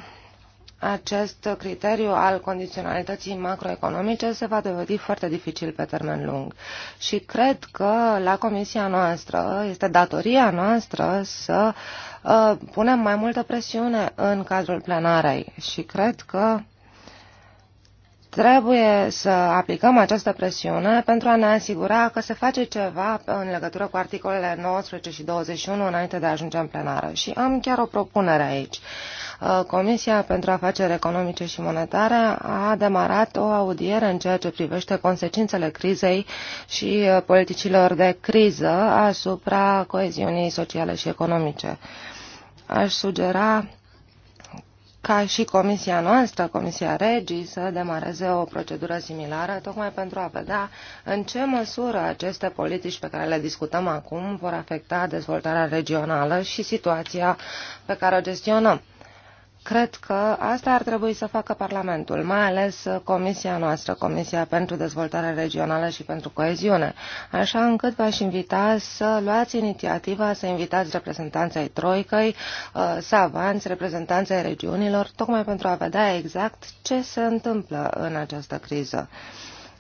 Speaker 5: acest criteriu al condiționalității macroeconomice se va dovedi foarte dificil pe termen lung. Și cred că la comisia noastră este datoria noastră să uh, punem mai multă presiune în cadrul plenarei. Și cred că uh, Trebuie să aplicăm această presiune pentru a ne asigura că se face ceva în legătură cu articolele 19 și 21 înainte de a ajunge în plenară. Și am chiar o propunere aici. Uh, Comisia pentru Afaceri Economice și Monetare a demarat o audiere în ceea ce privește consecințele crizei și uh, politicilor de criză asupra coeziunii sociale și economice. Aș sugera ca și comisia noastră, Comisia Regii, să demareze o procedură similară, tocmai pentru a vedea în ce măsură aceste politici pe care le discutăm acum vor afecta dezvoltarea regională și situația pe care o gestionăm. Cred că asta ar trebui să facă Parlamentul, mai ales Comisia noastră, Comisia pentru Dezvoltare Regională și pentru Coeziune, așa încât v-aș invita să luați inițiativa, să invitați reprezentanții ai Troicăi, uh, să avanți reprezentanții ai regiunilor, tocmai pentru a vedea exact ce se întâmplă în această criză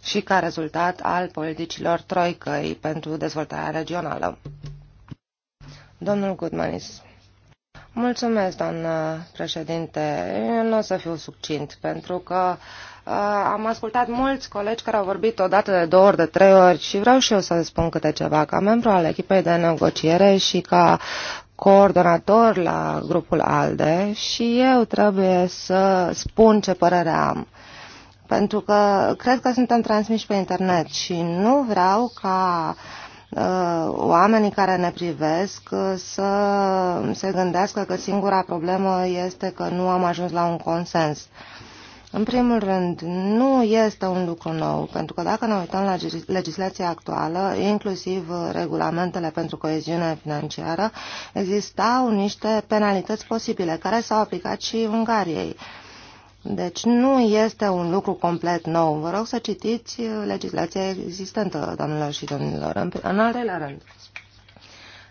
Speaker 5: și ca rezultat al politicilor Troicăi pentru dezvoltarea regională. Domnul Goodmanis. Mulțumesc, doamnă președinte. Eu nu o să fiu succint, pentru că uh, am ascultat mulți colegi care au vorbit odată de două ori, de trei ori și vreau și eu să spun câte ceva. Ca membru al echipei de negociere și ca coordonator la grupul ALDE și eu trebuie să spun ce părere am pentru că cred că suntem transmiși pe internet și nu vreau ca uh, Uh, oamenii care ne privesc uh, să se gândească că singura problemă este că nu am ajuns la un consens. În primul rând, nu este un lucru nou, pentru că dacă ne uităm la legislația actuală, inclusiv uh, regulamentele pentru coeziune financiară, existau niște penalități posibile care s-au aplicat și Ungariei. Uh, deci nu este un lucru complet nou. Vă rog să citiți legislația existentă, doamnelor și domnilor, în al doilea rând.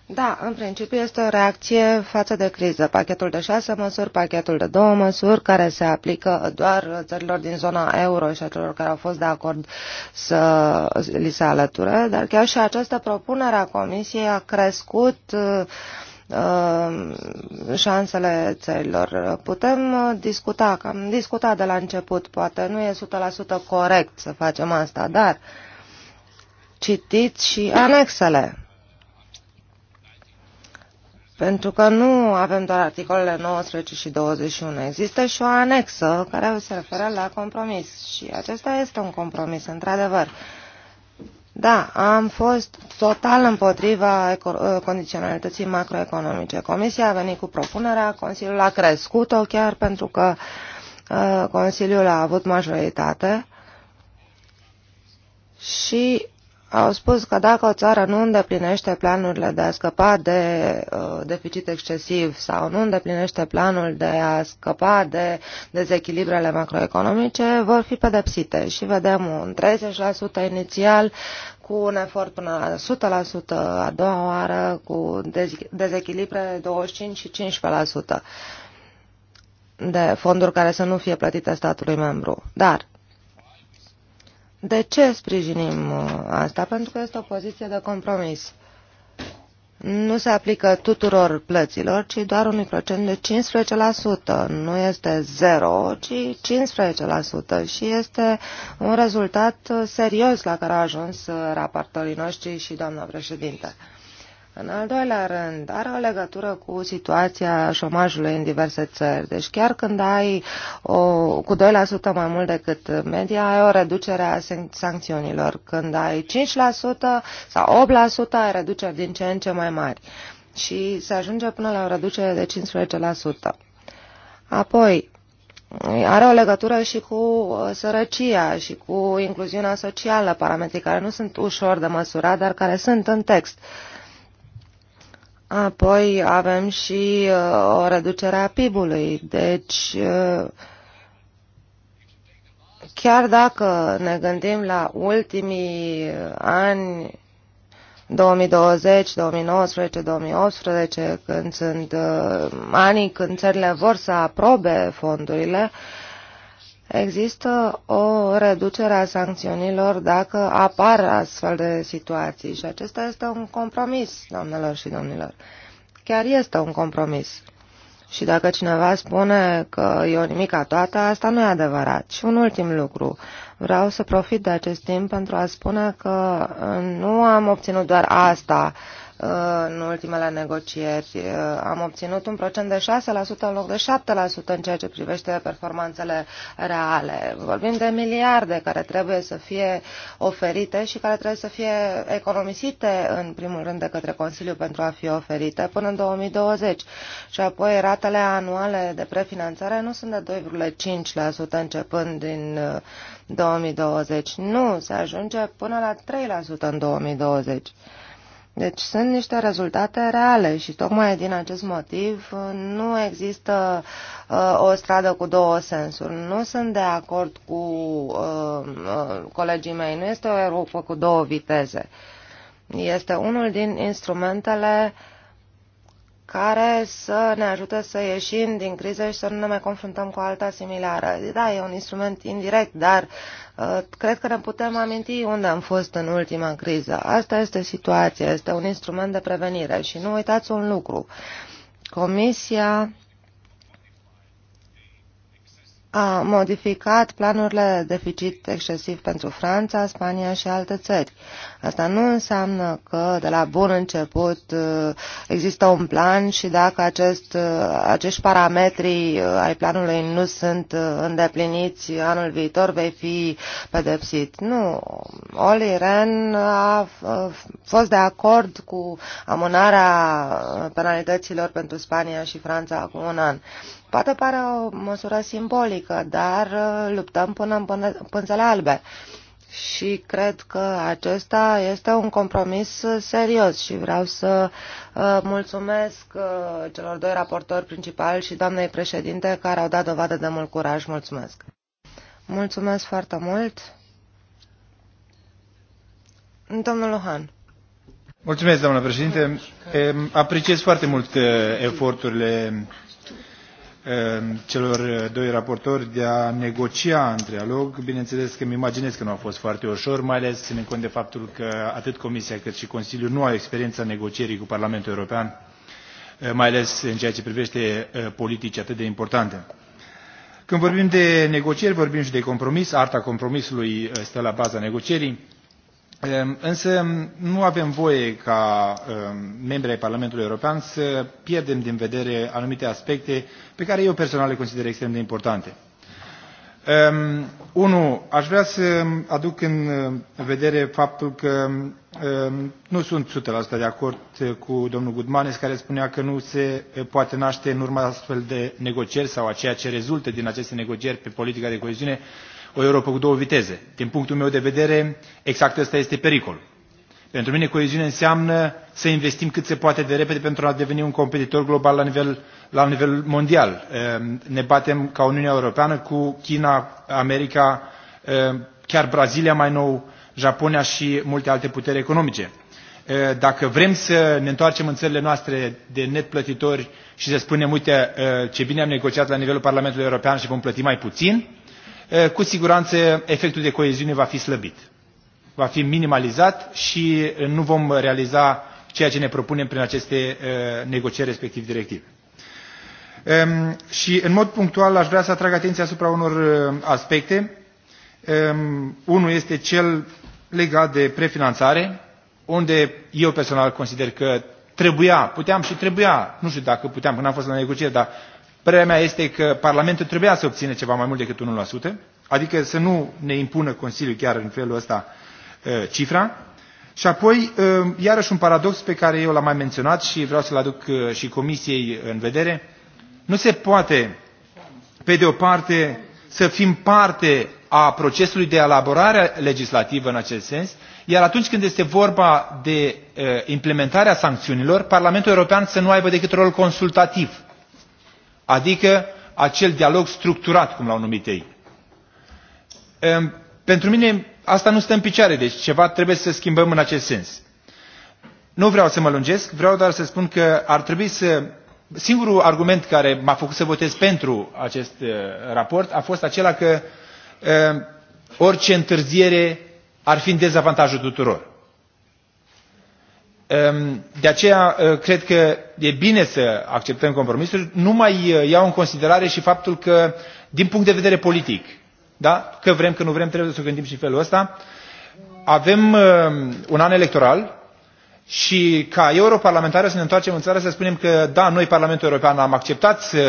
Speaker 5: Da, în principiu este o reacție față de criză. Pachetul de șase măsuri, pachetul de două măsuri, care se aplică doar țărilor din zona euro și a celor care au fost de acord să li se alăture, dar chiar și această propunere a Comisiei a crescut uh, Uh, șansele țărilor. Putem uh, discuta, că am discutat de la început, poate nu e 100% corect să facem asta, dar citiți și anexele. Pentru că nu avem doar articolele 19 și 21. Există și o anexă care se referă la compromis. Și acesta este un compromis, într-adevăr. Uh, da, am fost total împotriva ă, condiționalității macroeconomice. Comisia a venit cu propunerea, Consiliul a crescut-o chiar pentru că ă, Consiliul a avut majoritate și au spus că dacă o țară nu îndeplinește planurile de a scăpa de uh, deficit excesiv sau nu îndeplinește planul de a scăpa de dezechilibrele macroeconomice, vor fi pedepsite și vedem un 30% inițial cu un efort până la 100% a doua oară, cu dezechilibre 25 și 15% de fonduri care să nu fie plătite statului membru. Dar de ce sprijinim uh, asta? Pentru că este o poziție de compromis. Nu se aplică tuturor plăților, ci doar unui procent de 15%. Nu este 0, ci 15% și este un rezultat uh, serios la care a ajuns uh, raportorii noștri și doamna președinte. În al doilea rând, are o legătură cu situația șomajului în diverse țări. Deci chiar când ai o, cu 2% mai mult decât media, ai o reducere a sancțiunilor. Când ai 5% sau 8%, ai reduceri din ce în ce mai mari. Și se ajunge până la o reducere de 15%. Apoi, are o legătură și cu uh, sărăcia și cu incluziunea socială, parametrii care nu sunt ușor de măsurat, dar care sunt în text. Uh, Apoi avem și uh, o reducere a PIB-ului, deci uh, chiar dacă ne gândim la ultimii ani 2020, 2019, 2018, când sunt uh, anii când țările vor să aprobe fondurile, uh, Există o reducere a sancțiunilor dacă apar astfel de situații și acesta este un compromis, doamnelor și domnilor. Chiar este un compromis. Și dacă cineva spune că e o nimica toată, asta nu e adevărat. Și un ultim lucru. Vreau să profit de acest timp pentru a spune că nu am obținut doar asta Uh, în ultimele negocieri. Uh, am obținut un procent de 6% în loc de 7% în ceea ce privește performanțele reale. Vorbim de miliarde care trebuie să fie oferite și care trebuie să fie economisite în primul rând de către Consiliu pentru a fi oferite până în 2020. Și apoi ratele anuale de prefinanțare nu sunt de 2,5% începând din 2020. Uh, nu, se ajunge până la 3% în 2020. Deci sunt niște rezultate reale și tocmai din acest motiv uh, nu există uh, o stradă cu două sensuri. Nu sunt de acord cu uh, uh, colegii mei, nu este o Europa cu două viteze. Este unul din instrumentele uh, care să ne ajute să ieșim din criză și să nu ne mai confruntăm cu alta similară. Da, e un instrument indirect, dar uh, cred că ne putem aminti unde am fost în ultima criză. Asta este situația, este un instrument de prevenire și nu uitați un lucru. Comisia a modificat planurile deficit excesiv pentru Franța, Spania și alte țări. Asta nu înseamnă că de la bun început uh, există un plan și dacă acest, uh, acești parametri uh, ai planului nu sunt îndepliniți anul viitor, vei fi pedepsit. Nu. Oli Ren a fost de acord cu amânarea penalităților pentru Spania și Franța acum un an. Poate pare o măsură simbolică, dar uh, luptăm până în pânzele albe. Și cred că acesta este un compromis uh, serios și vreau să uh, mulțumesc celor doi raportori principali și doamnei președinte care au dat dovadă de mult curaj. Mulțumesc! Mulțumesc foarte mult! Domnul Luhan.
Speaker 1: Mulțumesc, doamnă președinte. Apreciez foarte mult eforturile Ehm, celor eh, doi raportori de a negocia în trialog. Bineînțeles că îmi imaginez că nu a fost foarte ușor, mai ales ținând cont de faptul că atât Comisia cât și Consiliul nu au experiența negocierii cu Parlamentul European, eh, mai ales în ceea ce privește eh, politici atât de importante. Când vorbim de negocieri, vorbim și de compromis. Arta compromisului stă la baza negocierii Însă nu avem voie ca membri ai Parlamentului European să pierdem din vedere anumite aspecte pe care eu personal le consider extrem de importante. Um, unu, aș vrea să aduc în vedere faptul că um, nu sunt 100% de acord cu domnul Gudmanes care spunea că nu se poate naște în urma astfel de negocieri sau a ceea ce rezultă din aceste negocieri pe politica de coeziune o Europă cu două viteze. Din punctul meu de vedere, exact ăsta este pericolul. Pentru mine coeziune înseamnă să investim cât se poate de repede pentru a deveni un competitor global la nivel, la nivel mondial. Ehm, ne batem ca Uniunea Europeană cu China, America, ehm, chiar Brazilia mai nou, Japonia și multe alte puteri economice. Ehm, dacă vrem să ne întoarcem în țările noastre de net plătitori și să spunem, uite, ce bine am negociat la nivelul Parlamentului European și vom plăti mai puțin, Eh, cu siguranță efectul de coeziune va fi slăbit, va fi minimalizat și eh, nu vom realiza ceea ce ne propunem prin aceste eh, negocieri respectiv directive. Ehm, și în mod punctual aș vrea să atrag atenția asupra unor aspecte. Ehm, unul este cel legat de prefinanțare, unde eu personal consider că trebuia, puteam și trebuia, nu știu dacă puteam, că am fost la negocieri, dar Părerea mea este că Parlamentul trebuia să obțină ceva mai mult decât 1%, adică să nu ne impună Consiliul chiar în felul ăsta uh, cifra. Și apoi, uh, iarăși un paradox pe care eu l-am mai menționat și vreau să-l aduc uh, și Comisiei în vedere. Nu se poate, pe de o parte, să fim parte a procesului de elaborare legislativă în acest sens, iar atunci când este vorba de implementarea sancțiunilor, Parlamentul European să nu aibă decât rol consultativ adică acel dialog structurat, cum l-au numit ei. Pentru mine asta nu stă în picioare, deci ceva trebuie să schimbăm în acest sens. Nu vreau să mă lungesc, vreau doar să spun că ar trebui să... Singurul argument care m-a făcut să votez pentru acest raport a fost acela că orice întârziere ar fi în dezavantajul tuturor. Ehm, de aceea, eh, cred că e bine să acceptăm compromisul. Nu mai eh, iau în considerare și faptul că, din punct de vedere politic, da? că vrem, că nu vrem, trebuie să gândim și felul ăsta, avem ehm, un an electoral și ca europarlamentari să ne întoarcem în țară să spunem că, da, noi, Parlamentul European, am acceptat eh,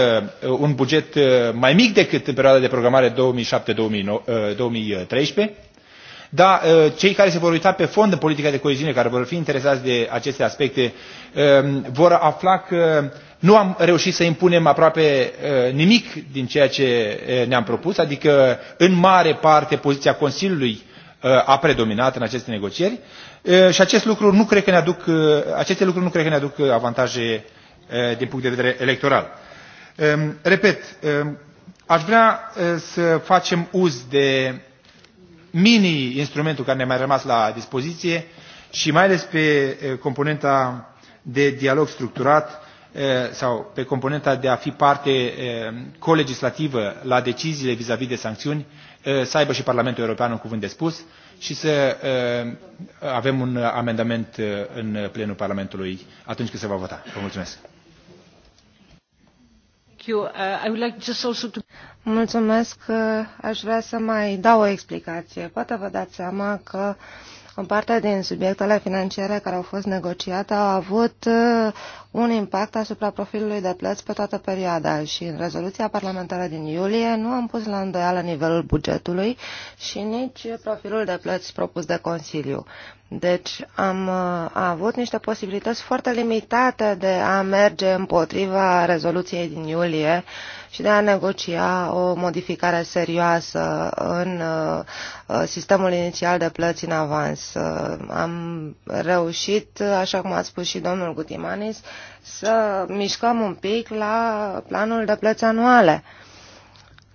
Speaker 1: un buget mai mic decât în perioada de programare 2007-2013, da, ă, cei care se vor uita pe fond în politica de coeziune, care vor fi interesați de aceste aspecte, ă, vor afla că nu am reușit să impunem aproape ă, nimic din ceea ce ne-am propus, adică în mare parte poziția Consiliului a predominat în aceste negocieri și acest lucru nu cred că ne aduc, aceste lucruri nu cred că ne aduc avantaje din punct de vedere electoral. Repet, aș vrea să facem uz de mini-instrumentul care ne-a mai rămas la dispoziție și mai ales pe componenta de dialog structurat sau pe componenta de a fi parte colegislativă la deciziile vis-a-vis -vis de sancțiuni, să aibă și Parlamentul European un cuvânt de spus și să avem un amendament în plenul Parlamentului atunci când se va vota. Vă mulțumesc!
Speaker 5: Mulțumesc. Aș vrea să mai dau o explicație. Poate vă dați seama că o parte din subiectele financiare care au fost negociate au avut uh, un impact asupra profilului de plăți pe toată perioada și în rezoluția parlamentară din iulie nu am pus la îndoială nivelul bugetului și nici profilul de plăți propus de Consiliu. Deci am uh, avut niște posibilități foarte limitate de a merge împotriva rezoluției din iulie uh, și de a negocia o modificare serioasă în uh, sistemul inițial de plăți în avans. Uh, am reușit, așa cum a spus și domnul Gutimanis, să mișcăm un pic la planul de plăți anuale.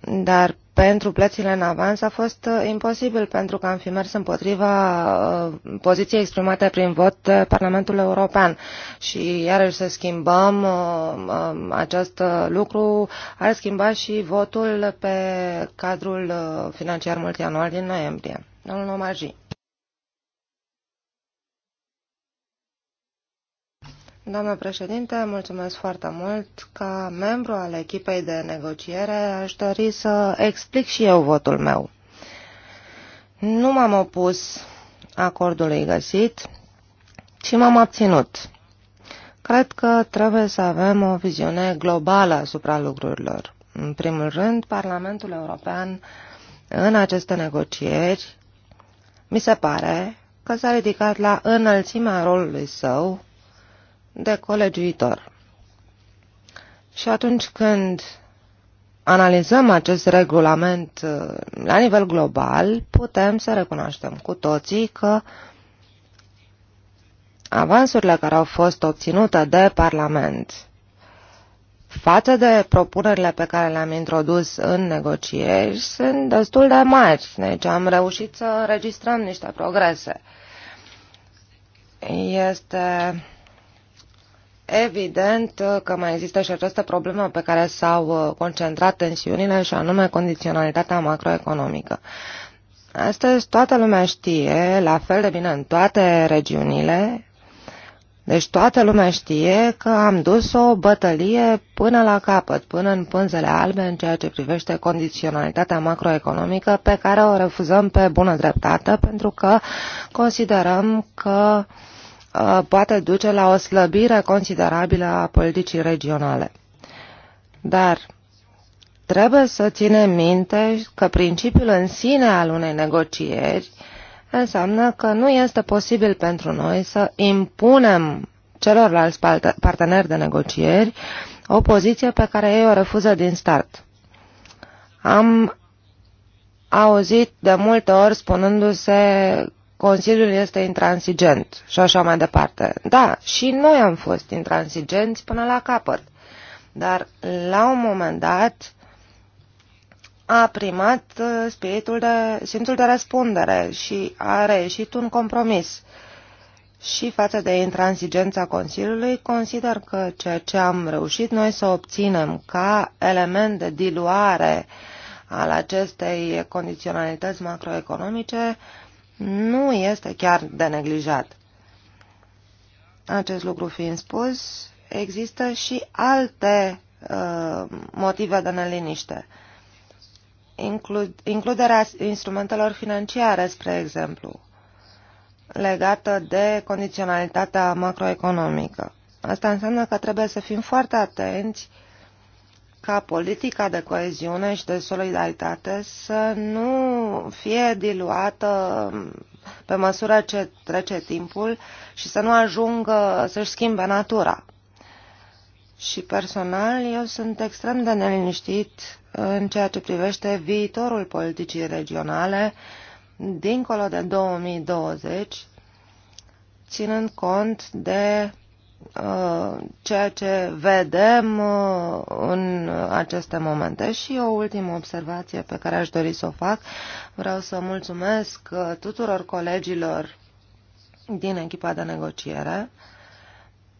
Speaker 5: Dar pentru plățile în avans a fost uh, imposibil pentru că am fi mers împotriva uh, poziției exprimate prin vot de Parlamentul European. Și iarăși să schimbăm uh, acest lucru ar schimba și votul pe cadrul financiar multianual din noiembrie. Domnul Omarji. Doamnă președinte, mulțumesc foarte mult. Ca membru al echipei de negociere, aș dori să explic și eu votul meu. Nu m-am opus acordului găsit, ci m-am abținut. Cred că trebuie să avem o viziune globală asupra lucrurilor. În primul rând, Parlamentul European în aceste negocieri, mi se pare că s-a ridicat la înălțimea rolului său de colegiuitor. Și atunci când analizăm acest regulament uh, la nivel global, putem să recunoaștem cu toții că avansurile care au fost obținute de Parlament față de propunerile pe care le-am introdus în negocieri sunt destul de mari. Deci am reușit să înregistrăm niște progrese. Este Evident că mai există și această problemă pe care s-au uh, concentrat tensiunile și anume condiționalitatea macroeconomică. Astăzi toată lumea știe, la fel de bine în toate regiunile, deci toată lumea știe că am dus o bătălie până la capăt, până în pânzele albe în ceea ce privește condiționalitatea macroeconomică pe care o refuzăm pe bună dreptate pentru că considerăm că uh, Uh, poate duce la o slăbire considerabilă a politicii regionale. Dar trebuie să ținem minte că principiul în sine al unei negocieri înseamnă că nu este posibil pentru noi să impunem celorlalți parteneri de negocieri o poziție pe care ei o refuză din start. Am auzit de multe ori spunându-se Consiliul este intransigent și așa mai departe. Da, și noi am fost intransigenți până la capăt. Dar la un moment dat a primat uh, spiritul de, simțul de răspundere și a reieșit un compromis. Și față de intransigența Consiliului, consider că ceea ce am reușit noi să obținem ca element de diluare al acestei condiționalități macroeconomice uh, nu este chiar de neglijat. Acest lucru fiind spus, există și alte uh, motive de neliniște. Includ, includerea instrumentelor financiare, spre exemplu, legată de condiționalitatea macroeconomică. Asta înseamnă că trebuie să fim foarte atenți uh, ca politica de coeziune și de solidaritate să nu fie diluată pe măsură ce trece timpul și să nu ajungă să-și schimbe natura. Și personal, eu sunt extrem de neliniștit în ceea ce privește viitorul politicii regionale dincolo de 2020, ținând cont de Uh, ceea ce vedem uh, în aceste momente. Și o ultimă observație pe care aș dori să o fac. Vreau să mulțumesc uh, tuturor colegilor din echipa de negociere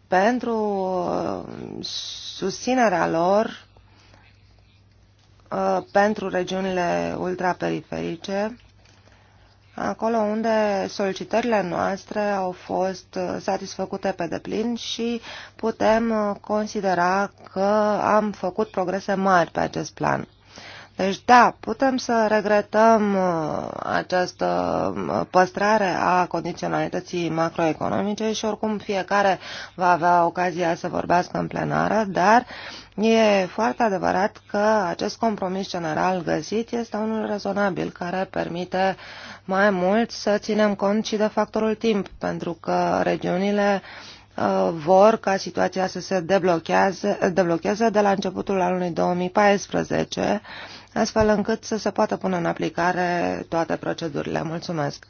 Speaker 5: pentru susținerea lor pentru regiunile ultraperiferice acolo unde solicitările noastre au fost uh, satisfăcute pe deplin și putem uh, considera că am făcut progrese mari pe acest plan. Deci da, putem să regretăm uh, această păstrare a condiționalității macroeconomice și oricum fiecare va avea ocazia să vorbească în plenară, dar uh, E foarte adevărat că acest compromis general găsit este unul rezonabil care permite mai mult să ținem cont și de factorul timp, pentru că regiunile uh, vor ca situația să se deblocheze de la începutul anului 2014, astfel încât să se poată pune în aplicare toate procedurile. Mulțumesc!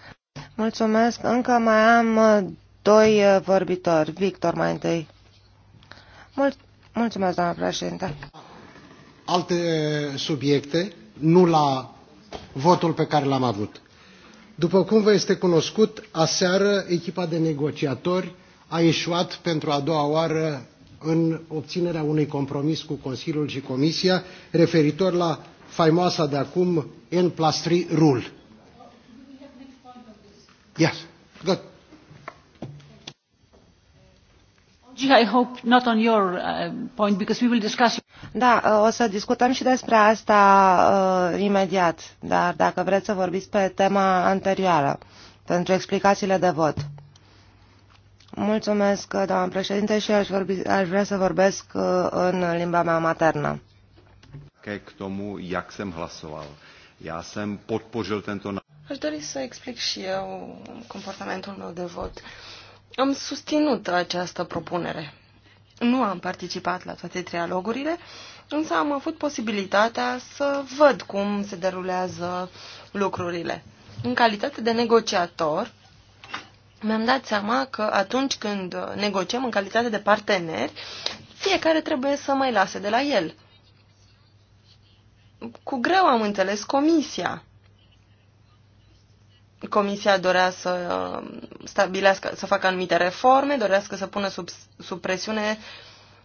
Speaker 5: Mulțumesc! Încă mai am uh, doi uh, vorbitori. Victor, mai întâi. Mulțumesc! Mulțumesc, doamnă președinte.
Speaker 2: Alte subiecte, nu la votul pe care l-am avut. După cum vă este cunoscut, aseară echipa de negociatori a ieșuat pentru a doua oară în obținerea unui compromis cu Consiliul și Comisia referitor la faimoasa de acum N plus 3 rule. Yes, good.
Speaker 5: I hope not on your uh, point because we will discuss. Da, uh, o să discutăm și despre asta uh, imediat, dar dacă vreți să vorbiți pe tema anterioară pentru explicațiile de vot. Mulțumesc, uh, doamnă președinte, și aș, vorbi, aș vrea să vorbesc uh, în limba mea maternă.
Speaker 1: K tomu, jak jsem hlasoval. Já
Speaker 2: tento...
Speaker 3: Aș dori să explic și eu comportamentul meu de vot. Uh, am susținut această propunere. Nu am participat la toate trialogurile, însă am avut posibilitatea să văd cum se derulează lucrurile. În calitate de negociator, mi-am dat seama că atunci când negociem în calitate de parteneri, fiecare trebuie să mai lase de la el. Cu greu am înțeles comisia. Comisia dorea să uh, stabilească, să facă anumite reforme, dorească să pună sub, sub presiune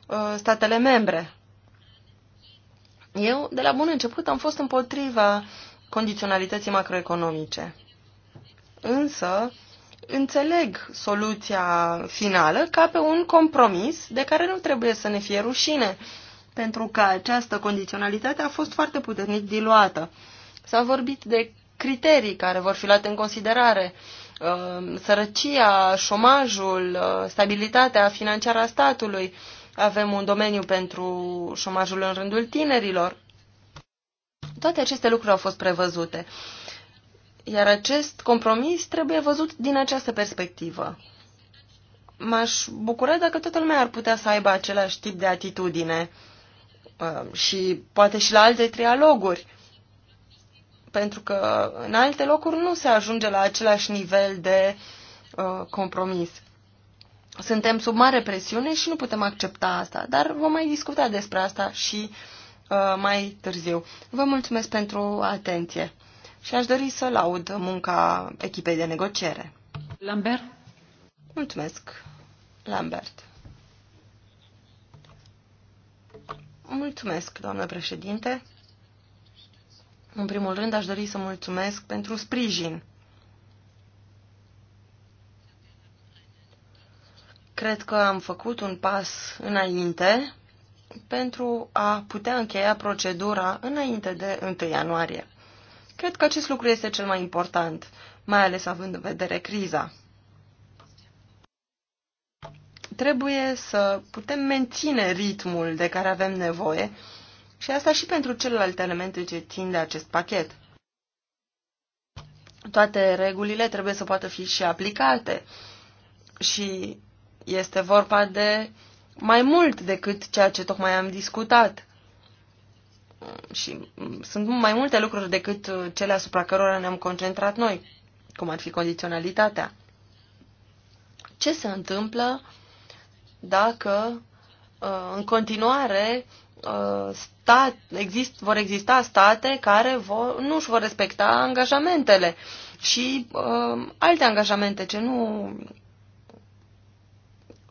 Speaker 3: uh, statele membre. Eu, de la bun început, am fost împotriva condiționalității macroeconomice. Însă, înțeleg soluția finală ca pe un compromis de care nu trebuie să ne fie rușine, pentru că această condiționalitate a fost foarte puternic diluată. S-a vorbit de criterii care vor fi luate în considerare. Uh, sărăcia, șomajul, uh, stabilitatea financiară a statului. Avem un domeniu pentru șomajul în rândul tinerilor. Toate aceste lucruri au fost prevăzute. Iar acest compromis trebuie văzut din această perspectivă. M-aș bucura dacă toată lumea ar putea să aibă același tip de atitudine uh, și poate și la alte trialoguri pentru că în alte locuri nu se ajunge la același nivel de uh, compromis. Suntem sub mare presiune și nu putem accepta asta, dar vom mai discuta despre asta și uh, mai târziu. Vă mulțumesc pentru atenție și aș dori să laud munca echipei de negociere. Lambert? Mulțumesc, Lambert. Mulțumesc, doamnă președinte. În primul rând, aș dori să mulțumesc pentru sprijin. Cred că am făcut un pas înainte pentru a putea încheia procedura înainte de 1 ianuarie. Cred că acest lucru este cel mai important, mai ales având în vedere criza. Trebuie să putem menține ritmul de care avem nevoie și asta și pentru celelalte elemente ce țin de acest pachet. Toate regulile trebuie să poată fi și aplicate. Și este vorba de mai mult decât ceea ce tocmai am discutat. Și sunt mai multe lucruri decât cele asupra cărora ne-am concentrat noi, cum ar fi condiționalitatea. Ce se întâmplă dacă Uh, în continuare uh, stat, exist, vor exista state care vor, nu își vor respecta angajamentele și uh, alte angajamente ce nu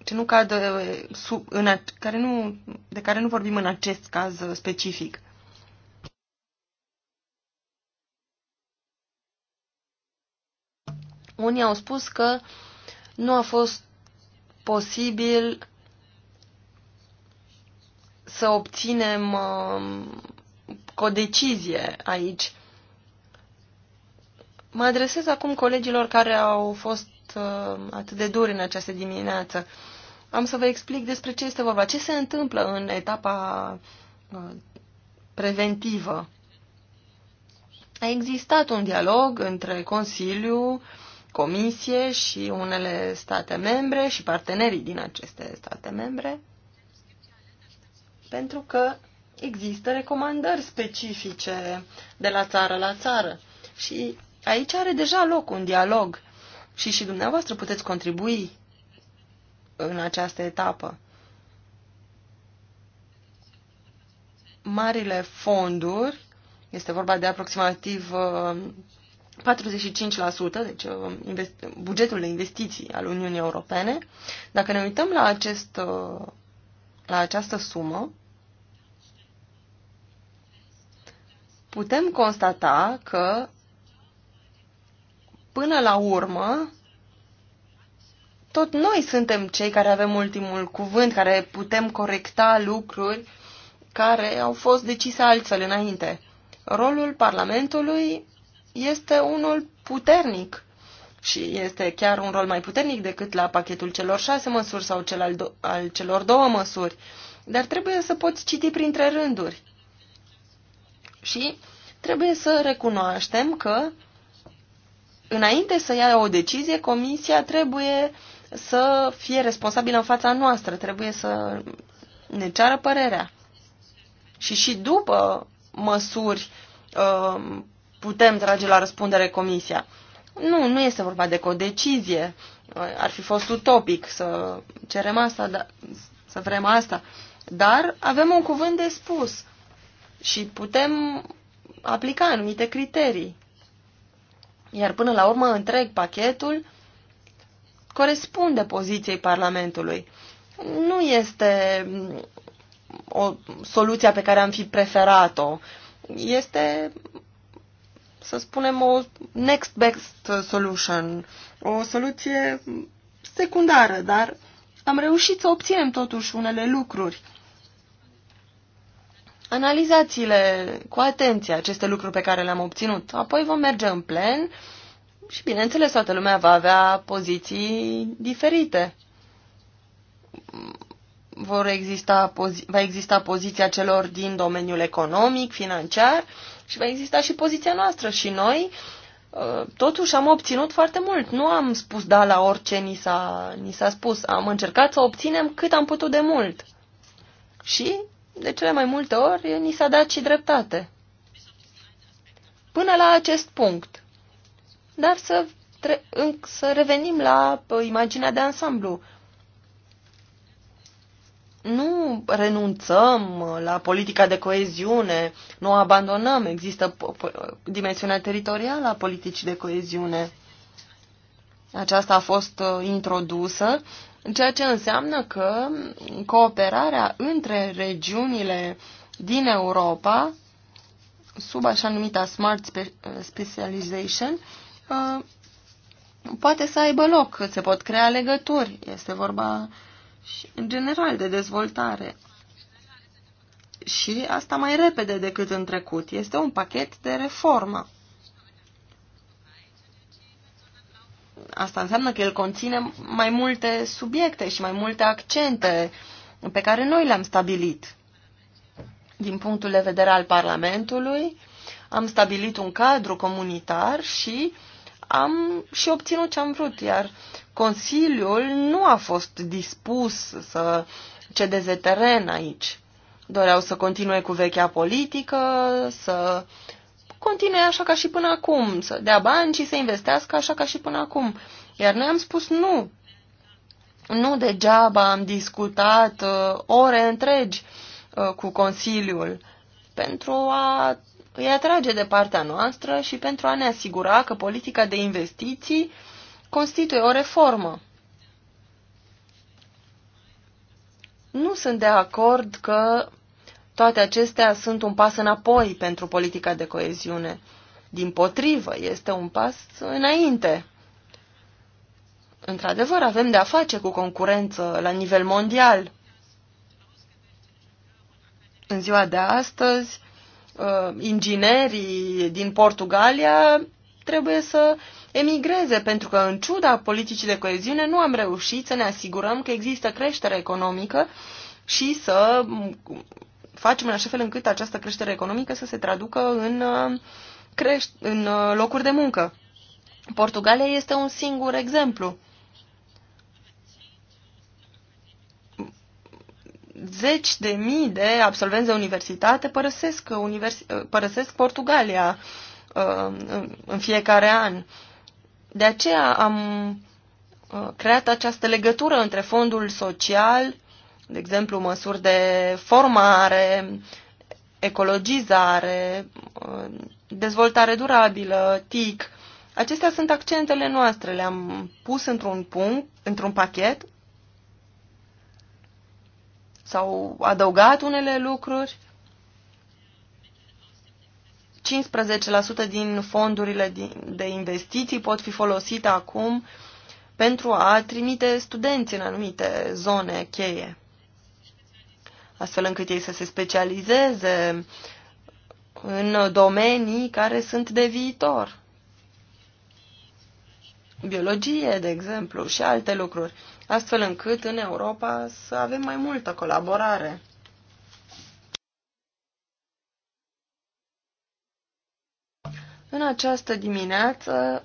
Speaker 3: ce nu cad uh, sub, în, care nu, de care nu vorbim în acest caz specific. Unii au spus că nu a fost posibil să obținem um, o decizie aici. Mă adresez acum colegilor care au fost um, atât de duri în această dimineață. Am să vă explic despre ce este vorba, ce se întâmplă în etapa uh, preventivă. A existat un dialog între Consiliu, Comisie și unele state membre și partenerii din aceste state membre pentru că există recomandări specifice de la țară la țară. Și aici are deja loc un dialog și și dumneavoastră puteți contribui în această etapă. Marile fonduri, este vorba de aproximativ 45%, uh, deci uh, bugetul de investiții al Uniunii Europene, dacă ne uităm la acest uh, la această sumă, putem constata că până la urmă tot noi suntem cei care avem ultimul cuvânt, care putem corecta lucruri care au fost decise altfel înainte. Rolul Parlamentului este unul puternic și este chiar un rol mai puternic decât la pachetul celor șase măsuri sau cel al, do- al celor două măsuri. Dar trebuie să poți citi printre rânduri. Și trebuie să recunoaștem că înainte să ia o decizie, comisia trebuie să fie responsabilă în fața noastră, trebuie să ne ceară părerea. Și și după măsuri uh, putem trage la răspundere comisia. Nu, nu este vorba de o decizie. Ar fi fost utopic să cerem asta, da, să vrem asta. Dar avem un cuvânt de spus și putem aplica anumite criterii. Iar până la urmă, întreg pachetul corespunde poziției Parlamentului. Nu este o soluție pe care am fi preferat-o. Este să spunem, o next best solution, o soluție secundară, dar am reușit să obținem totuși unele lucruri. Analizați-le cu atenție aceste lucruri pe care le-am obținut. Apoi vom merge în plen și, bineînțeles, toată lumea va avea poziții diferite. Vor exista, va exista poziția celor din domeniul economic, financiar și va exista și poziția noastră și noi uh, totuși am obținut foarte mult. Nu am spus da la orice ni s-a, ni s-a spus. Am încercat să obținem cât am putut de mult. Și, de cele mai multe ori, ni s-a dat și dreptate. Până la acest punct. Dar să, să revenim la uh, imaginea de ansamblu nu renunțăm la politica de coeziune, nu o abandonăm, există dimensiunea teritorială a politicii de coeziune. Aceasta a fost uh, introdusă, ceea ce înseamnă că cooperarea între regiunile din Europa, sub așa numita Smart uh, Specialization, uh, poate să aibă loc, se pot crea legături. Este vorba și, în general de dezvoltare. Și asta mai repede decât în trecut. Este un pachet de reformă. Asta înseamnă că el conține mai multe subiecte și mai multe accente pe care noi le-am stabilit. Din punctul de vedere al Parlamentului, am stabilit un cadru comunitar și uh, am și obținut ce am vrut, iar Consiliul nu a fost dispus să cedeze teren aici. Doreau să continue cu vechea politică, să continue așa ca și până acum, să dea bani și să investească așa ca și până acum. Iar noi am spus nu. Nu degeaba am discutat uh, ore întregi uh, cu Consiliul pentru a îi atrage de partea noastră și pentru a ne asigura că politica de investiții constituie o reformă. Nu sunt de acord că toate acestea sunt un pas înapoi pentru politica de coeziune. Din potrivă, este un pas înainte. Într-adevăr, avem de-a face cu concurență la nivel mondial. În ziua de astăzi, uh, inginerii din Portugalia trebuie să emigreze, pentru că în ciuda politicii de coeziune nu am reușit să ne asigurăm că există creștere economică și să facem în așa fel încât această creștere economică să se traducă în, uh, creș- în uh, locuri de muncă. Portugalia este un singur exemplu. zeci de mii de absolvenți de universitate părăsesc, uh, univers, uh, părăsesc Portugalia uh, în fiecare an. De aceea am creat această legătură între fondul social, de exemplu măsuri de formare, ecologizare, dezvoltare durabilă, TIC. Acestea sunt accentele noastre, le-am pus într-un punct, într-un pachet S-au adăugat unele lucruri. 15% din fondurile de investiții pot fi folosite acum pentru a trimite studenți în anumite zone cheie, astfel încât ei să se specializeze în domenii care sunt de viitor. Biologie, de exemplu, și alte lucruri astfel încât în Europa să avem mai multă colaborare. În această dimineață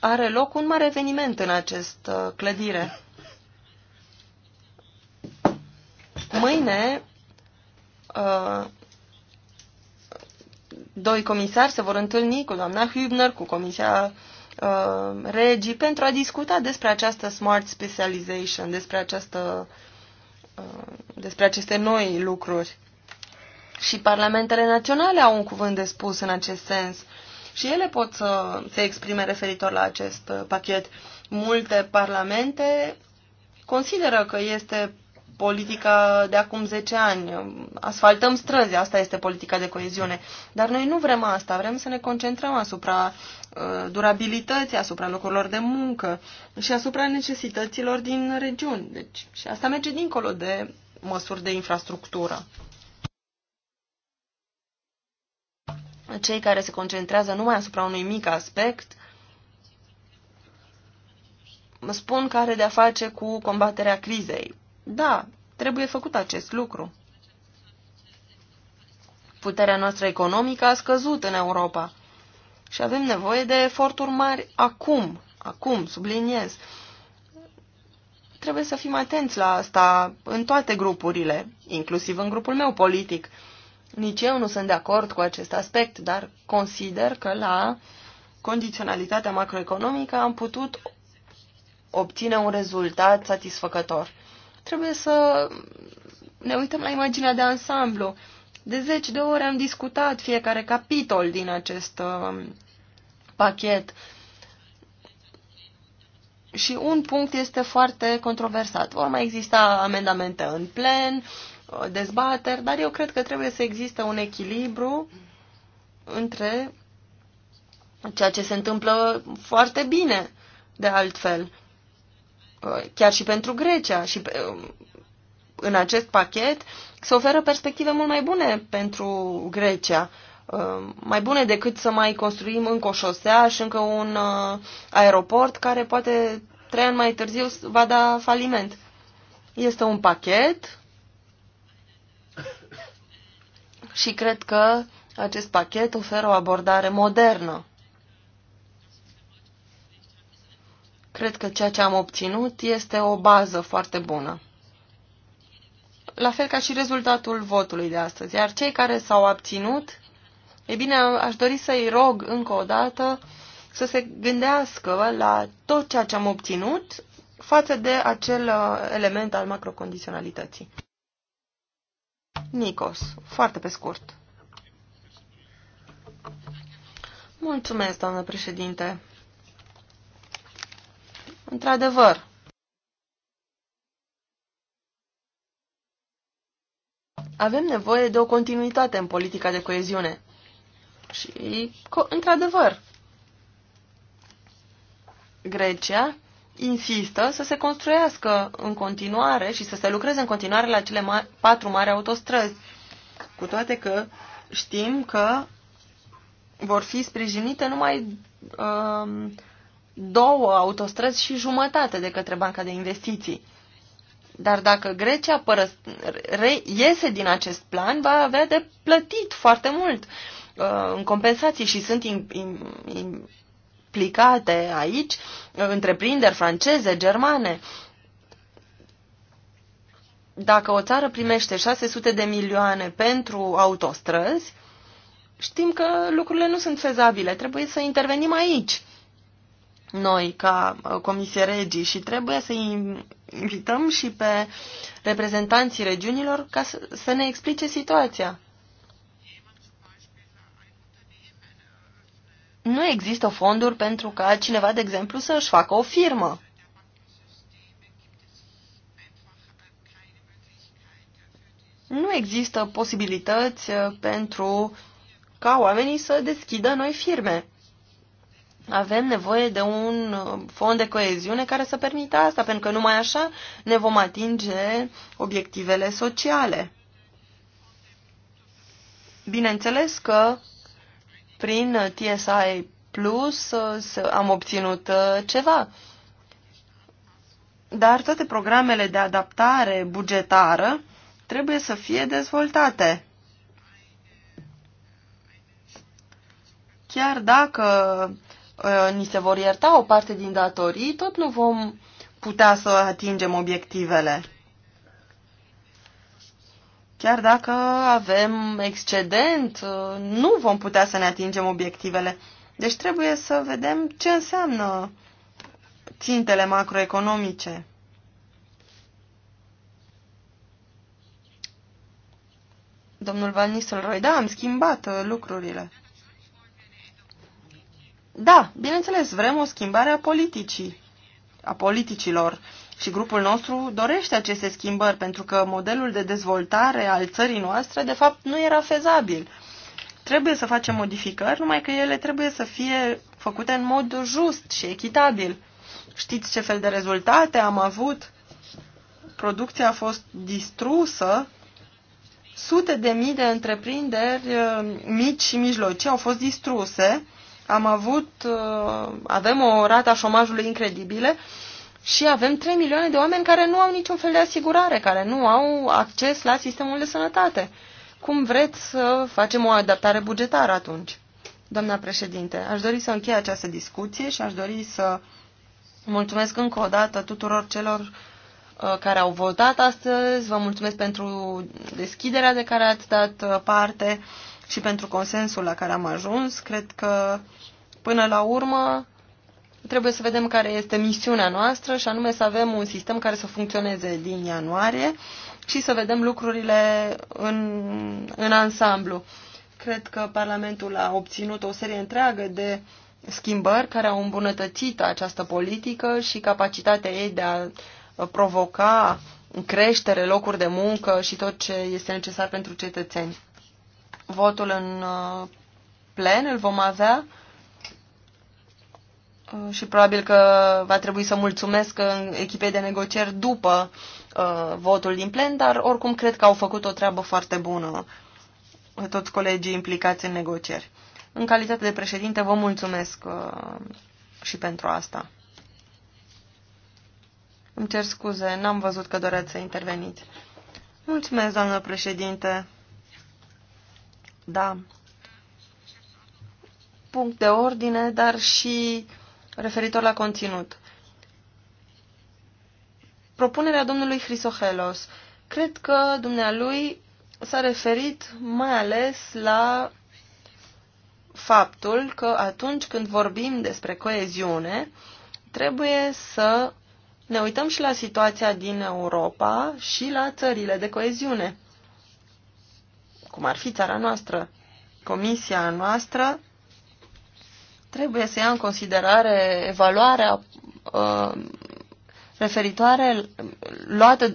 Speaker 3: are loc un mare eveniment în această clădire. Mâine, uh, doi comisari se vor întâlni cu doamna Hübner, cu comisia Uh, regii pentru a discuta despre această smart specialization, despre, această, uh, despre aceste noi lucruri. Și parlamentele naționale au un cuvânt de spus în acest sens. Și ele pot să se exprime referitor la acest uh, pachet. Multe parlamente consideră că este politica de acum 10 ani. Asfaltăm străzi, asta este politica de coeziune. Dar noi nu vrem asta, vrem să ne concentrăm asupra uh, durabilității, asupra locurilor de muncă și asupra necesităților din regiuni. Deci, și asta merge dincolo de măsuri de infrastructură. Cei care se concentrează numai asupra unui mic aspect spun că are de-a face cu combaterea crizei da, trebuie făcut acest lucru. Puterea noastră economică a scăzut în Europa și avem nevoie de eforturi mari acum, acum, subliniez. Trebuie să fim atenți la asta în toate grupurile, inclusiv în grupul meu politic. Nici eu nu sunt de acord cu acest aspect, dar consider că la condiționalitatea macroeconomică am putut obține un rezultat satisfăcător trebuie să ne uităm la imaginea de ansamblu. De zeci de ore am discutat fiecare capitol din acest uh, pachet. Și un punct este foarte controversat. Vor mai exista amendamente în plen, uh, dezbateri, dar eu cred că trebuie să existe un echilibru între ceea ce se întâmplă foarte bine, de altfel, chiar și pentru Grecia. Și um, în acest pachet se oferă perspective mult mai bune pentru Grecia, um, mai bune decât să mai construim încă o șosea și încă un uh, aeroport care poate trei ani mai târziu va da faliment. Este un pachet și cred că acest pachet oferă o abordare modernă. Cred că ceea ce am obținut este o bază foarte bună. La fel ca și rezultatul votului de astăzi. Iar cei care s-au abținut, e bine, aș dori să-i rog încă o dată să se gândească la tot ceea ce am obținut față de acel uh, element al macrocondiționalității. Nicos, foarte pe scurt. Mulțumesc, doamnă președinte. Într-adevăr, avem nevoie de o continuitate în politica de coeziune. Și, într-adevăr, Grecia insistă să se construiască în continuare și să se lucreze în continuare la cele ma patru mari autostrăzi, cu toate că știm că vor fi sprijinite numai uh, două autostrăzi și jumătate de către Banca de Investiții. Dar dacă Grecia părăs- re- iese din acest plan, va avea de plătit foarte mult uh, în compensații și sunt in, in, implicate aici uh, întreprinderi franceze, germane. Dacă o țară primește 600 de milioane pentru autostrăzi, știm că lucrurile nu sunt fezabile, trebuie să intervenim aici noi ca uh, Comisie Regii și trebuie să invităm și pe reprezentanții regiunilor ca să, să ne explice situația. Nu există fonduri pentru ca cineva, de exemplu, să își facă o firmă. Nu există posibilități uh, pentru ca oamenii să deschidă noi firme avem nevoie de un fond de coeziune care să permită asta, pentru că numai așa ne vom atinge obiectivele sociale. Bineînțeles că prin TSI Plus uh, am obținut uh, ceva, dar toate programele de adaptare bugetară trebuie să fie dezvoltate. Chiar dacă Uh, ni se vor ierta o parte din datorii, tot nu vom putea să atingem obiectivele. Chiar dacă avem excedent, uh, nu vom putea să ne atingem obiectivele. Deci trebuie să vedem ce înseamnă țintele macroeconomice. Domnul Van Nistelrooy, da, am schimbat uh, lucrurile. Da, bineînțeles, vrem o schimbare a politicii, a politicilor. Și grupul nostru dorește aceste schimbări, pentru că modelul de dezvoltare al țării noastre, de fapt, nu era fezabil. Trebuie să facem modificări, numai că ele trebuie să fie făcute în mod just și echitabil. Știți ce fel de rezultate am avut? Producția a fost distrusă, sute de mii de întreprinderi eh, mici și mijlocii au fost distruse, am avut, uh, avem o rată a șomajului incredibile și avem 3 milioane de oameni care nu au niciun fel de asigurare, care nu au acces la sistemul de sănătate. Cum vreți să facem o adaptare bugetară atunci? Doamna președinte, aș dori să închei această discuție și aș dori să mulțumesc încă o dată tuturor celor uh, care au votat astăzi. Vă mulțumesc pentru deschiderea de care ați dat uh, parte și pentru consensul la care am ajuns. Cred că, până la urmă, trebuie să vedem care este misiunea noastră și anume să avem un sistem care să funcționeze din ianuarie și să vedem lucrurile în, în ansamblu. Cred că Parlamentul a obținut o serie întreagă de schimbări care au îmbunătățit această politică și capacitatea ei de a provoca creștere, locuri de muncă și tot ce este necesar pentru cetățeni. Votul în uh, plen îl vom avea uh, și probabil că va trebui să mulțumesc uh, echipei de negocieri după votul din plen, dar oricum cred că au făcut o treabă foarte bună toți colegii implicați în negocieri. În calitate de președinte vă mulțumesc și pentru asta. Îmi cer scuze, n-am văzut că doreați să interveniți. Mulțumesc, doamnă președinte da punct de ordine, dar și referitor la conținut. Propunerea domnului Hrisohelos. Cred că dumnealui s-a referit mai ales la faptul că atunci când vorbim despre coeziune, trebuie să ne uităm și la situația din Europa și la țările de coeziune cum ar fi țara noastră, comisia noastră, trebuie să ia în considerare evaluarea uh, referitoare luată,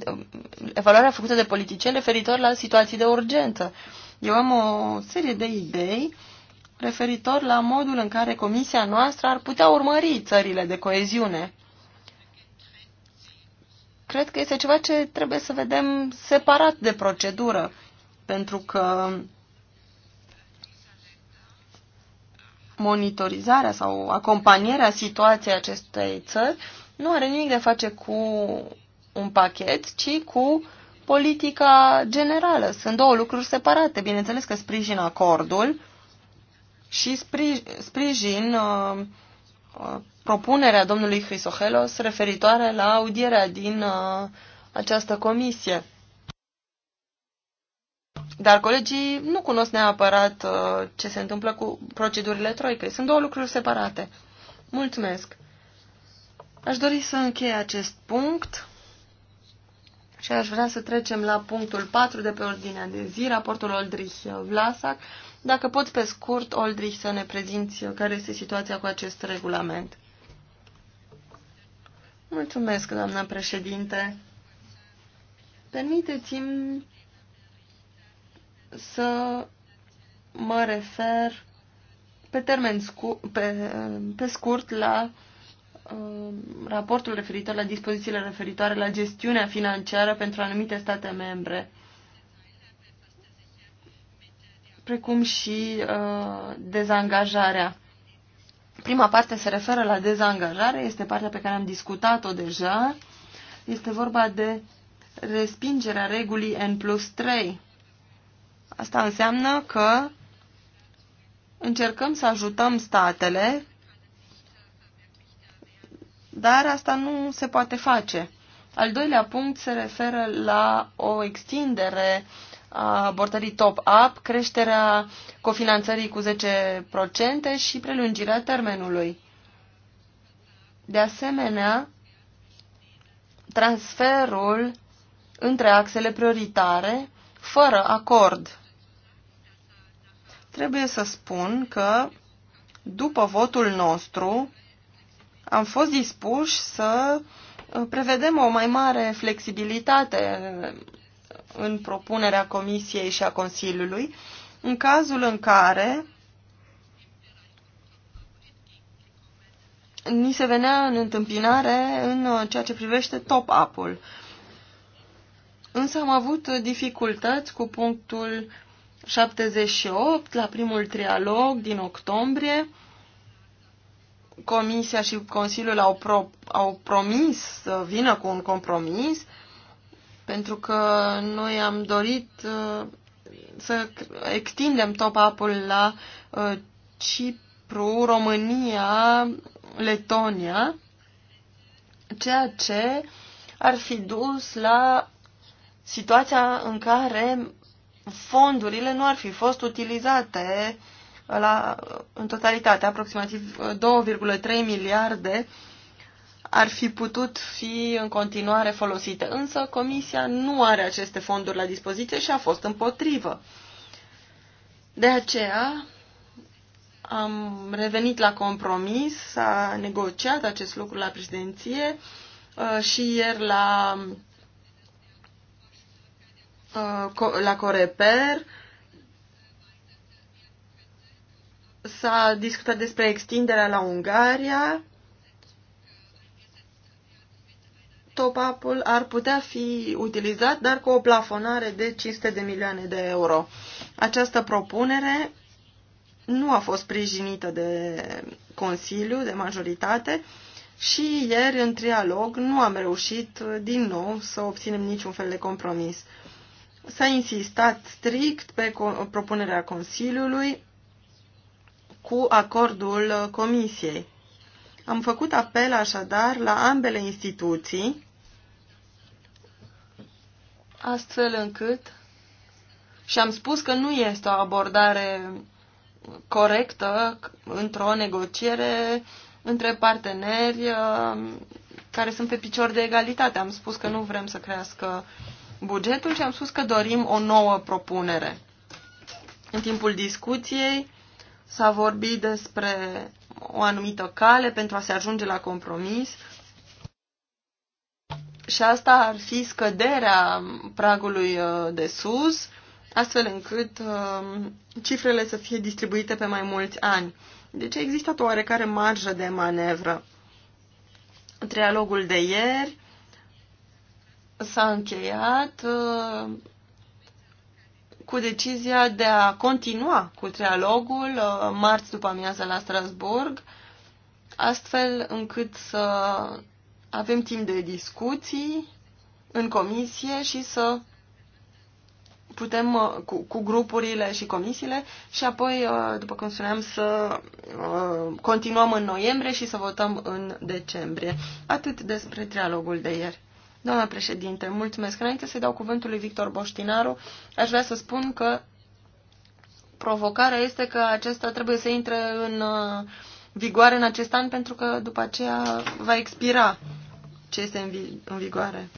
Speaker 3: evaluarea făcută de politicieni referitor la situații de urgență. Eu am o serie de idei referitor la modul în care comisia noastră ar putea urmări țările de coeziune. Cred că este ceva ce trebuie să vedem separat de procedură pentru că monitorizarea sau acompanierea situației acestei țări nu are nimic de face cu un pachet, ci cu politica generală. Sunt două lucruri separate. Bineînțeles că sprijin acordul și sprijin, sprijin uh, uh, propunerea domnului Hrisohelos referitoare la audierea din uh, această comisie. Dar colegii nu cunosc neapărat uh, ce se întâmplă cu procedurile troicăi. Sunt două lucruri separate. Mulțumesc! Aș dori să închei acest punct și aș vrea să trecem la punctul 4 de pe ordinea de zi, raportul Oldrich-Vlasac. Dacă pot pe scurt, Oldrich, să ne prezinți care este situația cu acest regulament. Mulțumesc, doamna președinte. Permiteți-mi să mă refer pe termen scurt, pe, pe scurt la um, raportul referitor la dispozițiile referitoare la gestiunea financiară pentru anumite state membre, precum și uh, dezangajarea. Prima parte se referă la dezangajare, este partea pe care am discutat-o deja. Este vorba de respingerea regulii N plus 3 Asta înseamnă că încercăm să ajutăm statele, dar asta nu se poate face. Al doilea punct se referă la o extindere a abortării top-up, creșterea cofinanțării cu 10% și prelungirea termenului. De asemenea, transferul între axele prioritare fără acord trebuie să spun că după votul nostru am fost dispuși să uh, prevedem o mai mare flexibilitate uh, în propunerea Comisiei și a Consiliului în cazul în care ni se venea în întâmpinare în uh, ceea ce privește top-up-ul. Însă am avut dificultăți cu punctul 78, la primul trialog din octombrie, Comisia și Consiliul au, pro, au promis să vină cu un compromis, pentru că noi am dorit uh, să extindem top-up-ul la uh, Cipru, România, Letonia, ceea ce ar fi dus la situația în care fondurile nu ar fi fost utilizate la, în totalitate, aproximativ 2,3 miliarde ar fi putut fi în continuare folosite. Însă Comisia nu are aceste fonduri la dispoziție și a fost împotrivă. De aceea am revenit la compromis, s-a negociat acest lucru la președinție uh, și ieri la Uh, la Coreper s-a discutat despre extinderea la Ungaria. Top-up-ul ar putea fi utilizat, dar cu o plafonare de 500 de milioane de euro. Această propunere nu a fost sprijinită de Consiliu, de majoritate, și ieri, în trialog, nu am reușit din nou să obținem niciun fel de compromis. S-a insistat strict pe propunerea Consiliului cu acordul Comisiei. Am făcut apel așadar la ambele instituții, astfel încât și am spus că nu este o abordare corectă într-o negociere între parteneri uh, care sunt pe picior de egalitate. Am spus că nu vrem să crească uh, bugetul și am spus că dorim o nouă propunere. În timpul discuției s-a vorbit despre o anumită cale pentru a se ajunge la compromis și asta ar fi scăderea pragului uh, de sus, astfel încât uh, cifrele să fie distribuite pe mai mulți ani. Deci există o oarecare marjă de manevră. Trialogul de ieri s-a încheiat uh, cu decizia de a continua cu trialogul uh, marți după amiază la Strasburg, astfel încât să avem timp de discuții în comisie și să putem uh, cu, cu grupurile și comisiile și apoi, după cum spuneam, să continuăm în noiembrie și să votăm în decembrie. Atât despre trialogul de ieri. Doamna președinte, mulțumesc. Înainte să-i dau cuvântul lui Victor Boștinaru, aș vrea să spun că provocarea este că acesta trebuie să intre în uh, vigoare în acest an pentru că după aceea va expira ce este în, vi în vigoare.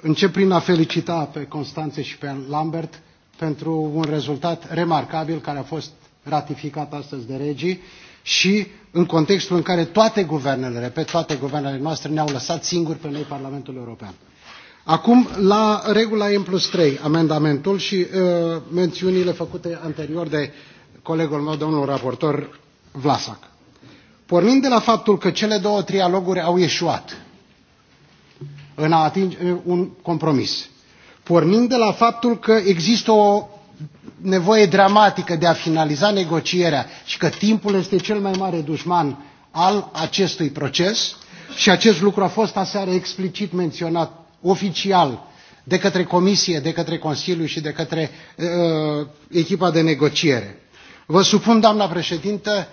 Speaker 2: Încep prin a felicita pe Constanțe și pe Lambert pentru un rezultat remarcabil care a fost ratificat astăzi de regii și în contextul în care toate guvernele, repet, toate guvernele noastre ne-au lăsat singuri pe noi Parlamentul European. Acum, la regula M plus 3, amendamentul și uh, mențiunile făcute anterior de colegul meu, domnul raportor Vlasac. Pornind de la faptul că cele două trialoguri au ieșuat în a atinge un compromis, pornind de la faptul că există o nevoie dramatică de a finaliza negocierea și că timpul este cel mai mare dușman al acestui proces și acest lucru a fost aseară explicit menționat oficial de către Comisie, de către Consiliu și de către uh, echipa de negociere. Vă supun, doamna președintă,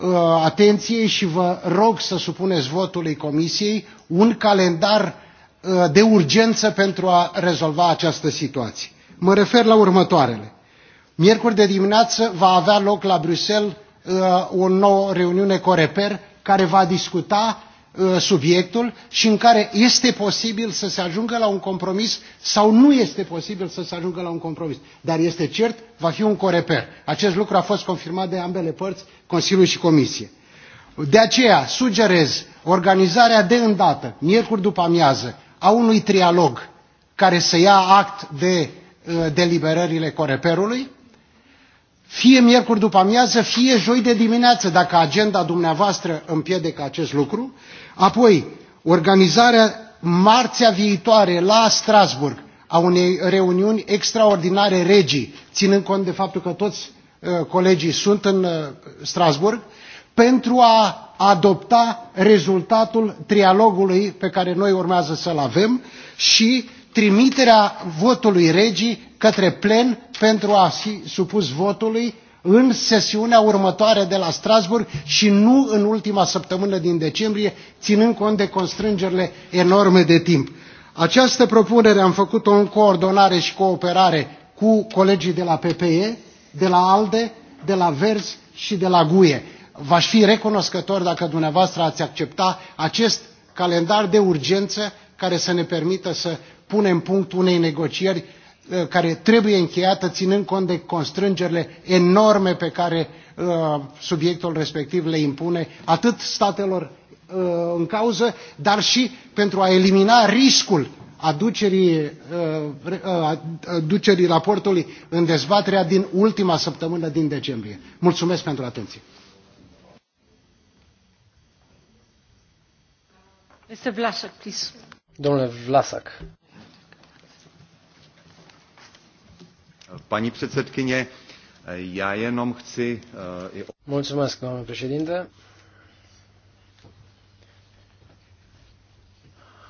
Speaker 2: uh, atenției și vă rog să supuneți votului Comisiei un calendar uh, de urgență pentru a rezolva această situație. Mă refer la următoarele. Miercuri de dimineață va avea loc la Bruxelles uh, o nouă reuniune Coreper care va discuta uh, subiectul și în care este posibil să se ajungă la un compromis sau nu este posibil să se ajungă la un compromis. Dar este cert, va fi un coreper. Acest lucru a fost confirmat de ambele părți, Consiliul și Comisie. De aceea sugerez organizarea de îndată, miercuri după amiază, a unui trialog care să ia act de Uh, deliberările Coreperului, fie miercuri după amiază, fie joi de dimineață, dacă agenda dumneavoastră împiedică acest lucru. Apoi, organizarea marțea viitoare la Strasburg a unei reuniuni extraordinare regii, ținând cont de faptul că toți uh, colegii sunt în uh, Strasburg, pentru a adopta rezultatul trialogului pe care noi urmează să-l avem și uh, trimiterea votului regii către plen pentru a fi supus votului în sesiunea următoare de la Strasburg și nu în ultima săptămână din decembrie, ținând cont de constrângerile enorme de timp. Această propunere am făcut-o în coordonare și cooperare cu colegii de la PPE, de la ALDE, de la Verzi și de la GUE. V-aș fi recunoscător dacă dumneavoastră ați accepta acest calendar de urgență care să ne permită să punem punct unei negocieri uh, care trebuie încheiată ținând cont de constrângerile enorme pe care uh, subiectul respectiv le impune atât statelor uh, în cauză, dar și pentru a elimina riscul aducerii, aducerii raportului în dezbaterea din ultima săptămână din decembrie. Mulțumesc pentru atenție. Este Vlasak, please. Domnule
Speaker 4: Vlasak.
Speaker 1: Pani předsedkyně, já jenom chci... Eh,
Speaker 4: Mulțumesc, doamnă președinte.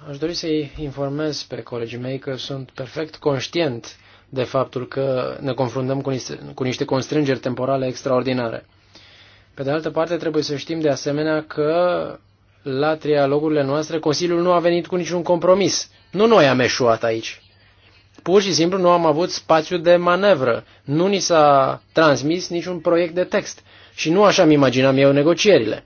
Speaker 4: Aș dori să-i informez pe colegii mei că sunt perfect conștient de faptul că ne confruntăm cu niște, cu niște constrângeri temporale extraordinare. Pe de altă parte, trebuie să știm de asemenea că la trialogurile noastre Consiliul nu a venit cu niciun compromis. Nu noi am eșuat aici. Pur și simplu nu am avut spațiu de manevră. Nu ni s-a transmis niciun proiect de text. Și nu așa mi imaginam eu negocierile.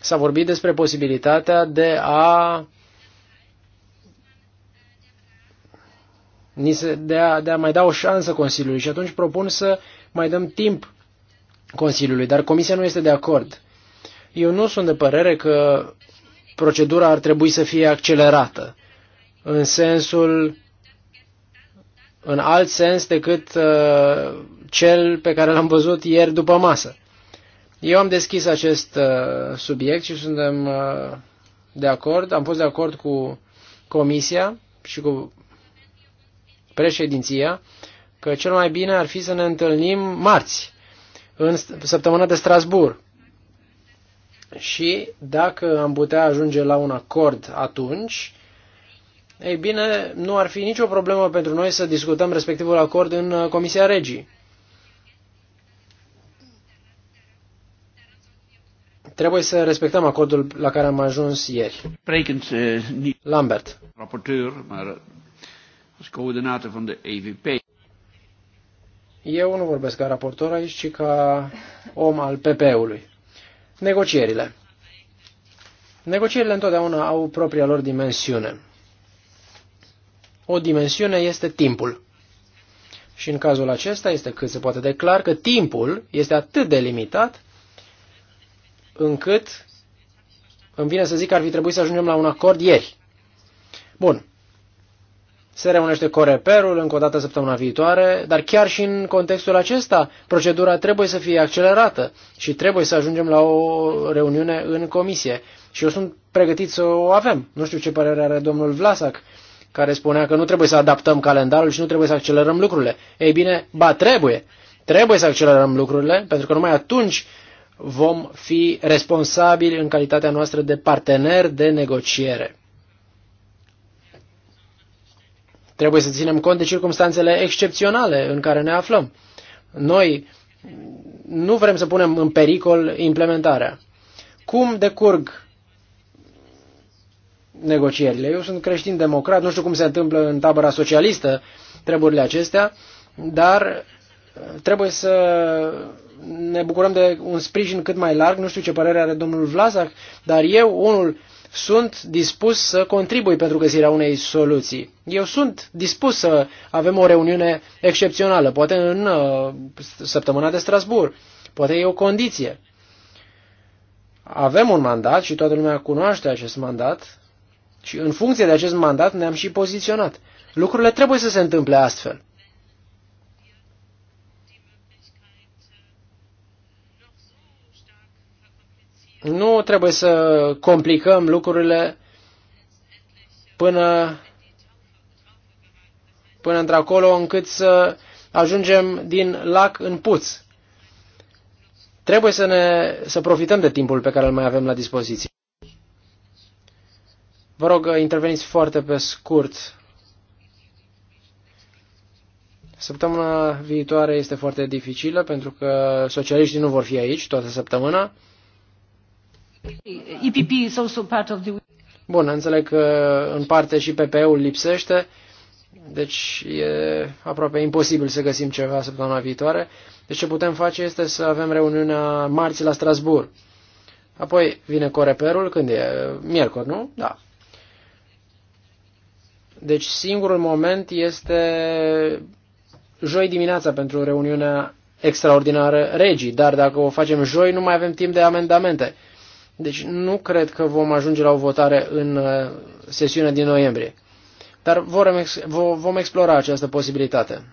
Speaker 4: S-a vorbit despre posibilitatea de a ni de, a, de a mai da o șansă Consiliului și atunci propun să mai dăm timp Consiliului, dar Comisia nu este de acord. Eu nu sunt de părere că procedura ar trebui să fie accelerată, în sensul, în alt sens decât uh, cel pe care l-am văzut ieri după masă. Eu am deschis acest uh, subiect și suntem uh, de acord, am fost de acord cu Comisia și cu președinția că cel mai bine ar fi să ne întâlnim marți, în săptămâna de Strasbourg și dacă am putea ajunge la un acord atunci, ei bine, nu ar fi nicio problemă pentru noi să discutăm respectivul acord în uh, Comisia Regii. Trebuie să respectăm acordul la care am ajuns ieri. Uh, Lambert. Raporteur, maar uh,
Speaker 1: de EVP.
Speaker 4: Eu nu vorbesc ca raportor aici, ci ca om al PP-ului. Negocierile. Negocierile întotdeauna au propria lor dimensiune. O dimensiune este timpul. Și în cazul acesta este cât se poate declar că timpul este atât de limitat încât îmi vine să zic că ar fi trebuit să ajungem la un acord ieri. Bun, se reunește coreperul încă o dată săptămâna viitoare, dar chiar și în contextul acesta, procedura trebuie să fie accelerată și trebuie să ajungem la o reuniune în comisie. Și eu sunt pregătit să o avem. Nu știu ce părere are domnul Vlasac, care spunea că nu trebuie să adaptăm calendarul și nu trebuie să accelerăm lucrurile. Ei bine, ba trebuie. Trebuie să accelerăm lucrurile, pentru că numai atunci vom fi responsabili în calitatea noastră de partener de negociere. Trebuie să ținem cont de circumstanțele excepționale în care ne aflăm. Noi nu vrem să punem în pericol implementarea. Cum decurg negocierile? Eu sunt creștin-democrat, nu știu cum se întâmplă în tabăra socialistă treburile acestea, dar uh, trebuie să ne bucurăm de un sprijin cât mai larg. Nu știu ce părere are domnul Vlasac, dar eu, unul, sunt dispus să contribui pentru găsirea unei soluții. Eu sunt dispus să avem o reuniune excepțională, poate în uh, săptămâna de Strasbourg, poate e o condiție. Avem un mandat și toată lumea cunoaște acest mandat și în funcție de acest mandat ne-am și poziționat. Lucrurile trebuie să se întâmple astfel. Nu trebuie să complicăm lucrurile până, până într-acolo încât să ajungem din lac în puț. Trebuie să, ne, să profităm de timpul pe care îl mai avem la dispoziție. Vă rog, interveniți foarte pe scurt. Săptămâna viitoare este foarte dificilă pentru că socialiștii nu vor fi aici toată săptămâna. Bun, înțeleg că în parte și PPE-ul lipsește, deci e aproape imposibil să găsim ceva săptămâna viitoare. Deci ce putem face este să avem reuniunea marți la Strasbourg. Apoi vine coreperul, când e? Miercuri, nu? Da. Deci singurul moment este joi dimineața pentru reuniunea extraordinară regii, dar dacă o facem joi nu mai avem timp de amendamente. Deci nu cred că vom ajunge la o votare în uh, sesiunea din noiembrie. Dar vom, vom explora această posibilitate.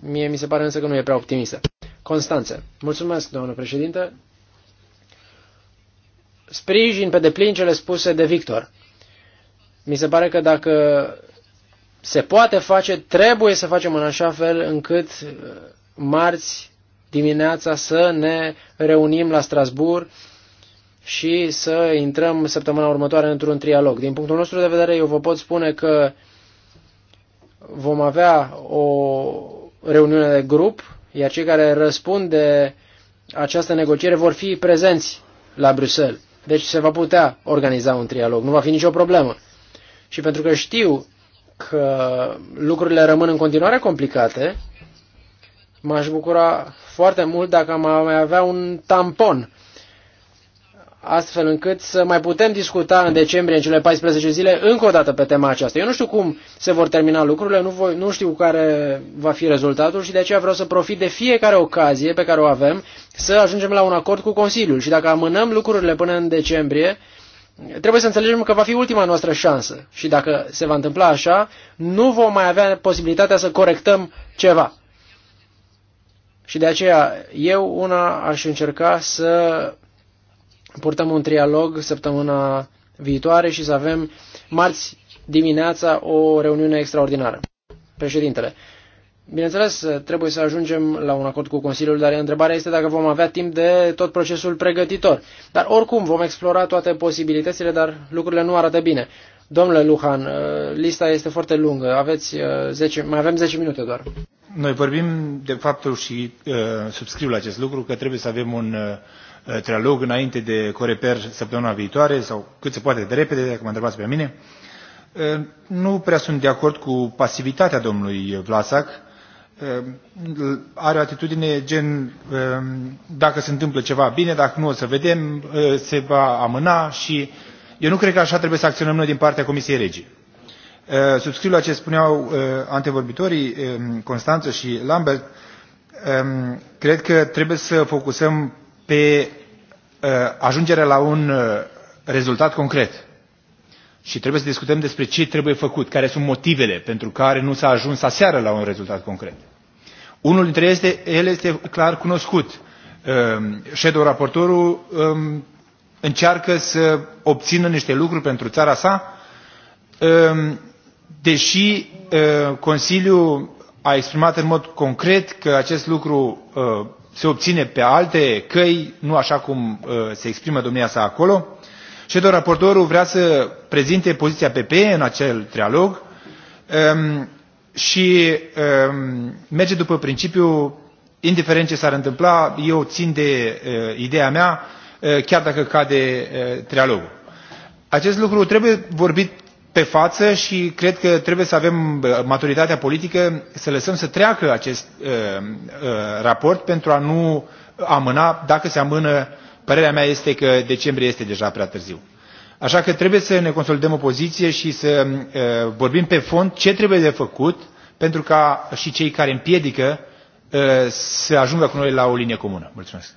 Speaker 4: Mie mi se pare însă că nu e prea optimistă. Constanțe. Mulțumesc, doamnă președinte. Sprijin pe deplin cele spuse de Victor. Mi se pare că dacă se poate face, trebuie să facem în așa fel încât uh, marți dimineața să ne reunim la Strasbourg și să intrăm săptămâna următoare într-un trialog. Din punctul nostru de vedere, eu vă pot spune că vom avea o reuniune de grup, iar cei care răspund de această negociere vor fi prezenți la Bruxelles. Deci se va putea organiza un trialog, nu va fi nicio problemă. Și pentru că știu că lucrurile rămân în continuare complicate, m-aș bucura foarte mult dacă am mai avea un tampon astfel încât să mai putem discuta în decembrie, în cele 14 zile, încă o dată pe tema aceasta. Eu nu știu cum se vor termina lucrurile, nu, voi, nu știu care va fi rezultatul și de aceea vreau să profit de fiecare ocazie pe care o avem să ajungem la un acord cu Consiliul. Și dacă amânăm lucrurile până în decembrie, trebuie să înțelegem că va fi ultima noastră șansă. Și dacă se va întâmpla așa, nu vom mai avea posibilitatea să corectăm ceva. Și de aceea eu una aș încerca să purtăm un trialog săptămâna viitoare și să avem marți dimineața o reuniune extraordinară. Președintele, bineînțeles, trebuie să ajungem la un acord cu Consiliul, dar întrebarea este dacă vom avea timp de tot procesul pregătitor. Dar oricum vom explora toate posibilitățile, dar lucrurile nu arată bine. Domnule Luhan, uh, lista este foarte lungă, aveți 10, uh, mai avem 10 minute doar.
Speaker 1: Noi vorbim de faptul și uh, subscriu la acest lucru că trebuie să avem un uh, Uh, trialog înainte de coreper săptămâna viitoare sau cât se poate de repede, dacă mă întrebați pe mine. Uh, nu prea sunt de acord cu pasivitatea domnului Vlasac. Uh, are o atitudine gen dacă se întâmplă ceva bine, dacă nu o să vedem, se va amâna și eu nu cred că așa trebuie să acționăm noi din partea Comisiei Regii. Subscriu la ce spuneau antevorbitorii Constanță și Lambert. Um, cred că trebuie să focusăm pe uh, ajungerea la un uh, rezultat concret. Și trebuie să discutăm despre ce trebuie făcut, care sunt motivele pentru care nu s-a ajuns aseară la un rezultat concret. Unul dintre este, ele este clar cunoscut. Um, shadow raportorul um, încearcă să obțină niște lucruri pentru țara sa, um, deși uh, Consiliul a exprimat în mod concret că acest lucru se obține pe alte căi, nu așa cum uh, se exprimă domnia sa acolo. Shadow raportorul vrea să prezinte poziția PPE în acel trialog um, și um, merge după principiul, indiferent ce s-ar întâmpla, eu țin de uh, ideea mea, uh, chiar dacă cade trialogul. Acest lucru trebuie vorbit pe față și cred că trebuie să avem maturitatea politică să lăsăm să treacă acest uh, uh, raport pentru a nu amâna. Dacă se amână, părerea mea este că decembrie este deja prea târziu. Așa că trebuie să ne consolidăm o poziție și să uh, vorbim pe fond ce trebuie de făcut pentru ca și cei care împiedică să ajungă cu noi la o linie comună. Mulțumesc.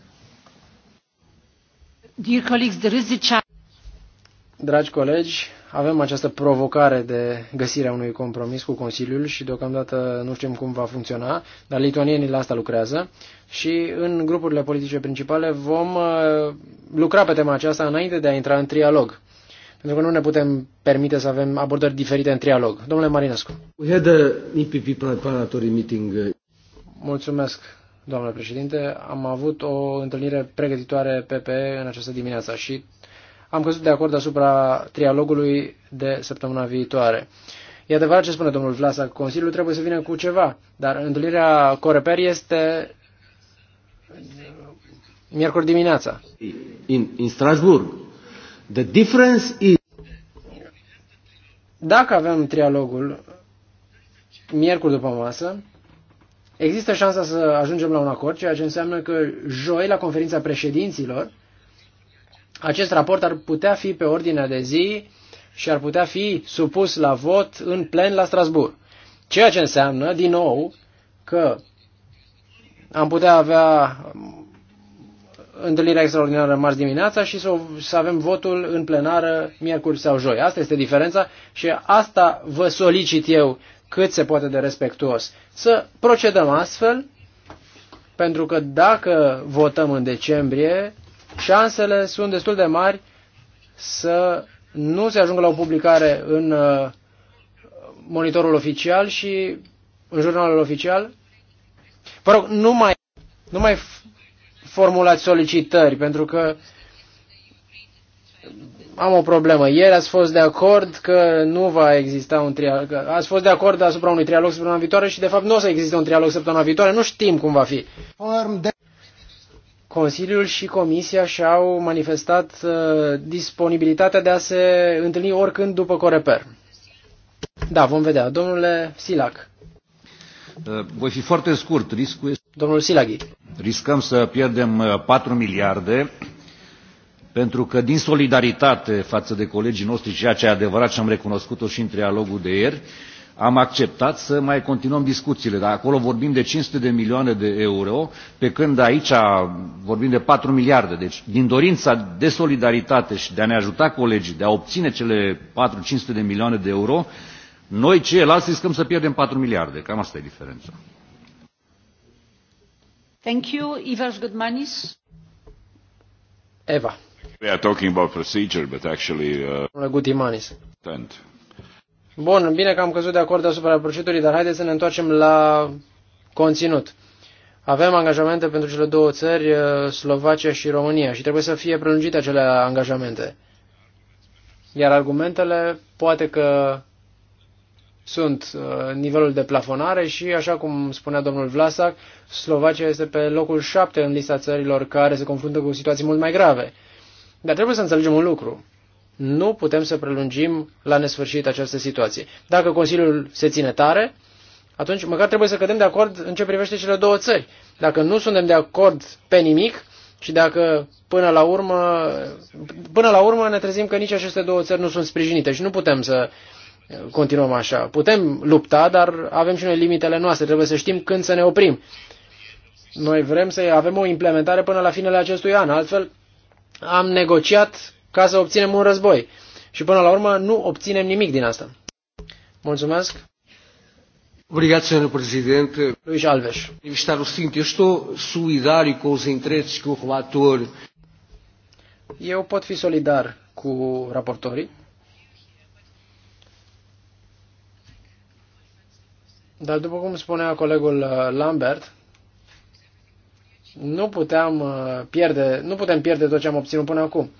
Speaker 1: Dragi
Speaker 4: colegi, avem această provocare de găsirea unui compromis cu Consiliul și deocamdată nu știm cum va funcționa, dar lituanienii la asta lucrează și în grupurile politice principale vom uh, lucra pe tema aceasta înainte de a intra în trialog. Pentru că nu ne putem permite să avem abordări diferite în trialog. Domnule Marinescu.
Speaker 2: We had a EPP preparatory meeting. Uh,
Speaker 4: Mulțumesc, domnule președinte. Am avut o întâlnire pregătitoare PPE în această dimineață și am căzut de acord asupra trialogului de săptămâna viitoare. E adevărat ce spune domnul Vlasa, Consiliul trebuie să vină cu ceva, dar întâlnirea Coreper este miercuri dimineața. In, in Strasbourg. The difference is... Dacă avem trialogul miercuri după masă, există șansa să ajungem la un acord, ceea ce înseamnă că joi, la conferința președinților, acest raport ar putea fi pe ordinea de zi și ar putea fi supus la vot în plen la Strasburg. Ceea ce înseamnă, din nou, că am putea avea um, întâlnirea extraordinară marți dimineața și să, să avem votul în plenară miercuri sau joi. Asta este diferența și asta vă solicit eu cât se poate de respectuos. Să procedăm astfel, pentru că dacă votăm în decembrie, șansele sunt destul de mari să nu se ajungă la o publicare în uh, monitorul oficial și în jurnalul oficial. Vă rog, nu mai, nu mai formulați solicitări, pentru că am o problemă. Ieri ați fost de acord că nu va exista un trialog. Ați fost de acord asupra unui trialog săptămâna viitoare și, de fapt, nu o să existe un trialog săptămâna viitoare. Nu știm cum va fi. Consiliul și Comisia și-au manifestat uh, disponibilitatea de a se întâlni oricând după Coreper. Da, vom vedea. Domnule Silac.
Speaker 2: Uh, voi fi foarte scurt. Riscul este... Domnul Silaghi. Riscăm să pierdem 4 uh, miliarde pentru că din solidaritate față de colegii noștri, ceea ce e adevărat și am recunoscut-o și în trialogul de ieri, am acceptat să mai continuăm discuțiile, dar acolo vorbim de 500 de milioane de euro, pe când aici vorbim de 4 miliarde. Deci, din dorința de solidaritate și de a ne ajuta colegii, de a obține cele 4-500 de milioane de euro, noi ceilalți riscăm să pierdem 4 miliarde. Cam asta
Speaker 1: e diferența.
Speaker 5: Thank you, Ivers Goodmanis.
Speaker 4: Eva.
Speaker 1: We are talking about procedure, but actually... Uh...
Speaker 4: Gutimanis. Bun, bine că am căzut de acord asupra procedurii, dar haideți să ne întoarcem la conținut. Avem angajamente pentru cele două țări, uh, Slovacia și România, și trebuie să fie prelungite acele angajamente. Iar argumentele poate că sunt uh, nivelul de plafonare și, așa cum spunea domnul Vlasac, Slovacia este pe locul șapte în lista țărilor care se confruntă cu situații mult mai grave. Dar trebuie să înțelegem un lucru nu putem să prelungim la nesfârșit această situație. Dacă Consiliul se ține tare, atunci măcar trebuie să cădem de acord în ce privește cele două țări. Dacă nu suntem de acord pe nimic și dacă până la urmă, până la urmă ne trezim că nici aceste două țări nu sunt sprijinite și nu putem să continuăm așa. Putem lupta, dar avem și noi limitele noastre, trebuie să știm când să ne oprim. Noi vrem să avem o implementare până la finele acestui an, altfel am negociat ca să obținem un război. Și până la urmă nu obținem nimic din asta. Mulțumesc.
Speaker 2: Obrigado, Sr. Presidente. Luís Alves. Estar o seguinte, eu estou solidário com os interesses que o relator...
Speaker 4: Eu pot fi solidar cu raportorii. Dar după cum spunea colegul uh, Lambert, nu putem uh, pierde, nu putem pierde tot ce am obținut până acum.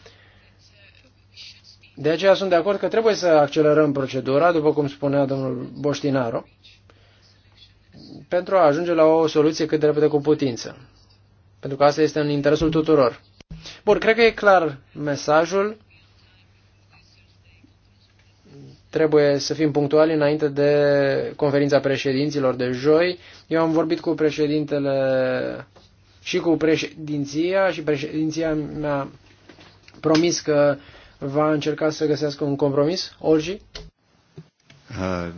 Speaker 4: De aceea sunt de acord că trebuie să accelerăm procedura, după cum spunea domnul Boștinaru, pentru a ajunge la o soluție cât de repede cu putință. Pentru că asta este în interesul tuturor. Bun, cred că e clar mesajul. Trebuie să fim punctuali înainte de conferința președinților de joi. Eu am vorbit cu președintele și cu președinția și președinția mi-a promis că uh, va încerca să găsească un compromis? Olgi? Eh,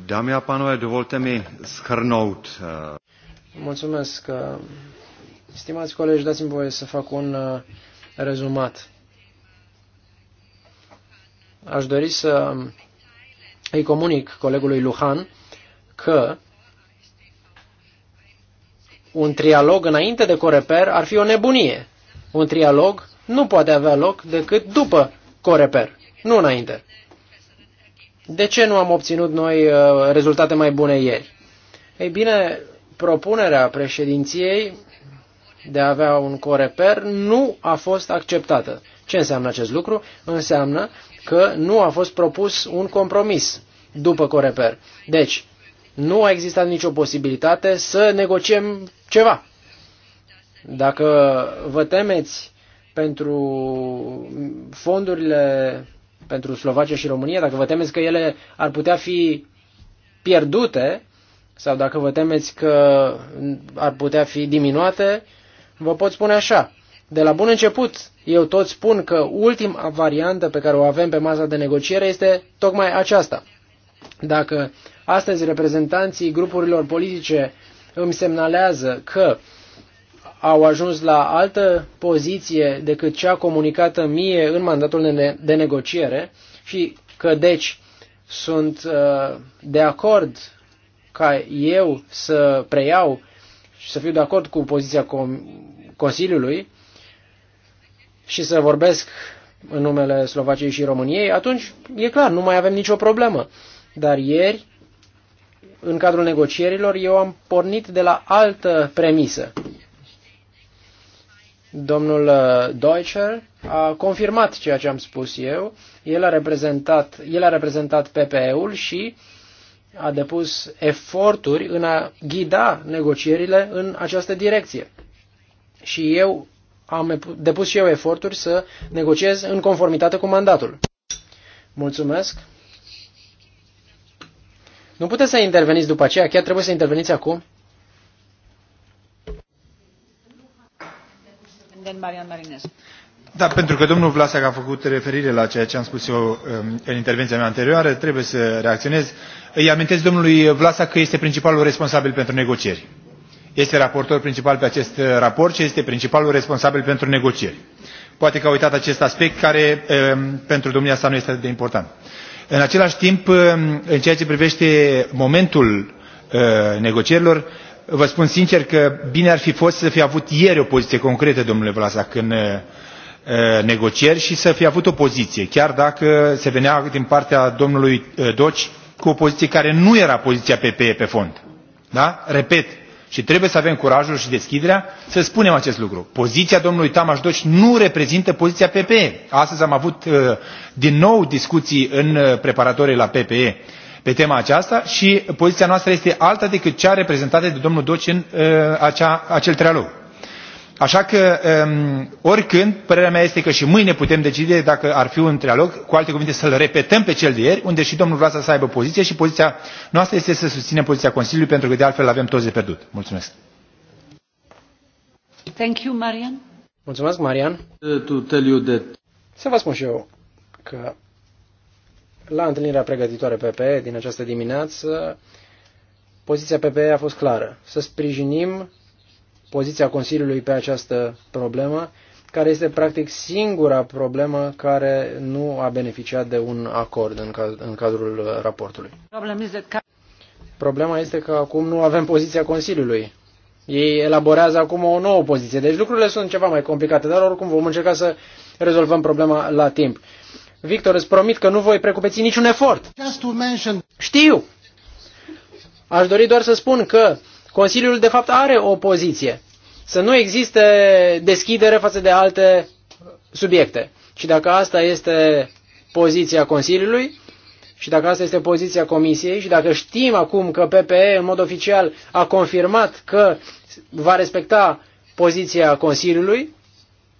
Speaker 1: Dámy a pánové, dovolte mi schrnout. Eh,
Speaker 4: Mulțumesc. Eh, stimați colegi, dați-mi voie să fac un rezumat. Aș dori să îi comunic colegului Luhan că un trialog înainte de Coreper ar fi o nebunie. Un trialog nu poate avea loc decât după Coreper, nu înainte. De ce nu am obținut noi uh, rezultate mai bune ieri? Ei bine, propunerea președinției de a avea un coreper nu a fost acceptată. Ce înseamnă acest lucru? Înseamnă că nu a fost propus un compromis după coreper. Deci, nu a existat nicio posibilitate să negociem ceva. Dacă vă temeți pentru fondurile pentru Slovacia și România, dacă vă temeți că ele ar putea fi pierdute sau dacă vă temeți că ar putea fi diminuate, vă pot spune așa. De la bun început, eu tot spun că ultima variantă pe care o avem pe masa de negociere este tocmai aceasta. Dacă astăzi reprezentanții grupurilor politice îmi semnalează că uh, au ajuns la altă poziție decât cea comunicată mie în mandatul de, ne- de negociere și că deci sunt uh, de acord ca eu să preiau și să fiu de acord cu poziția com- Consiliului și să vorbesc în numele Slovaciei și României, atunci e clar, nu mai avem nicio problemă. Dar ieri, în cadrul negocierilor, eu am pornit de la altă premisă. Domnul uh, Deutscher a confirmat ceea ce am spus eu. El a reprezentat, el a reprezentat PPE-ul și a depus eforturi în a ghida negocierile în această direcție. Și eu am depus și eu eforturi să negociez în conformitate cu mandatul. Mulțumesc. Nu puteți să interveniți după aceea, chiar trebuie să interveniți acum.
Speaker 1: Da, pentru că domnul Vlasac a făcut referire la ceea ce am spus eu um, în intervenția mea anterioară, trebuie să reacționez. Îi amintesc domnului Vlasac că este principalul responsabil pentru negocieri. Este raportor principal pe acest raport și este principalul responsabil pentru negocieri. Poate că a uitat acest aspect care um, pentru domnia sa nu este atât de important. În același timp, um, în ceea ce privește momentul uh, negocierilor, vă spun sincer că bine ar fi fost să fi avut ieri o poziție concretă domnule vlasak în uh, uh, negocieri și să fi avut o poziție chiar dacă se venea din partea domnului uh, doci cu o poziție care nu era poziția ppe pe fond. Da? repet și trebuie să avem curajul și deschiderea să spunem acest lucru. Poziția domnului Tamaș Doci nu reprezintă poziția PPE. Astăzi am avut din nou discuții în preparatorii la PPE pe tema aceasta și poziția noastră este alta decât cea reprezentată de domnul Doci în uh, acea, acel trialog. Așa că, um, oricând, părerea mea este că și mâine putem decide dacă ar fi un trialog, cu alte cuvinte să-l repetăm pe cel de ieri, unde și domnul Vlasa să aibă poziție și poziția noastră este să susținem poziția Consiliului, pentru că de altfel avem toți de pierdut. Mulțumesc.
Speaker 2: Thank you, Marian.
Speaker 4: Mulțumesc, Marian. To tell you that... Să vă spun și eu că la întâlnirea pregătitoare PPE din această dimineață, poziția PPE a fost clară. Să sprijinim poziția Consiliului pe această problemă, care este practic singura problemă care nu a beneficiat de un acord în, caz, în cadrul raportului. Problema este că acum nu avem poziția Consiliului. Ei elaborează acum o nouă poziție, deci lucrurile sunt ceva mai complicate, dar oricum vom încerca să rezolvăm problema la timp. Victor, îți promit că nu voi precupeți niciun efort. Știu. Aș dori doar să spun că Consiliul de fapt are o poziție. Să nu existe deschidere față de alte subiecte. Și dacă asta este poziția Consiliului și dacă asta este poziția Comisiei și dacă știm acum că PPE în mod oficial a confirmat că va respecta poziția Consiliului,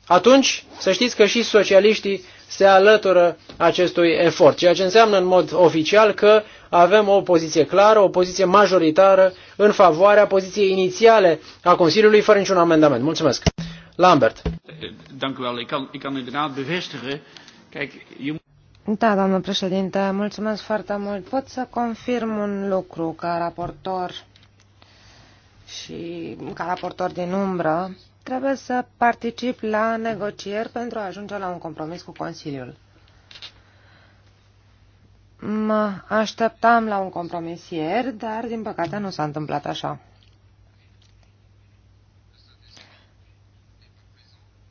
Speaker 4: atunci să știți că și socialiștii se alătură acestui efort, ceea ce înseamnă în mod oficial că avem o poziție clară, o poziție majoritară în favoarea poziției inițiale a Consiliului, fără niciun amendament. Mulțumesc. Lambert.
Speaker 5: Da, doamnă președinte, mulțumesc foarte mult. Pot să confirm un lucru ca raportor și ca raportor din umbră Trebuie să particip la negocieri pentru a ajunge la un compromis cu Consiliul. Mă așteptam la un compromis ieri, dar din păcate nu s-a întâmplat așa.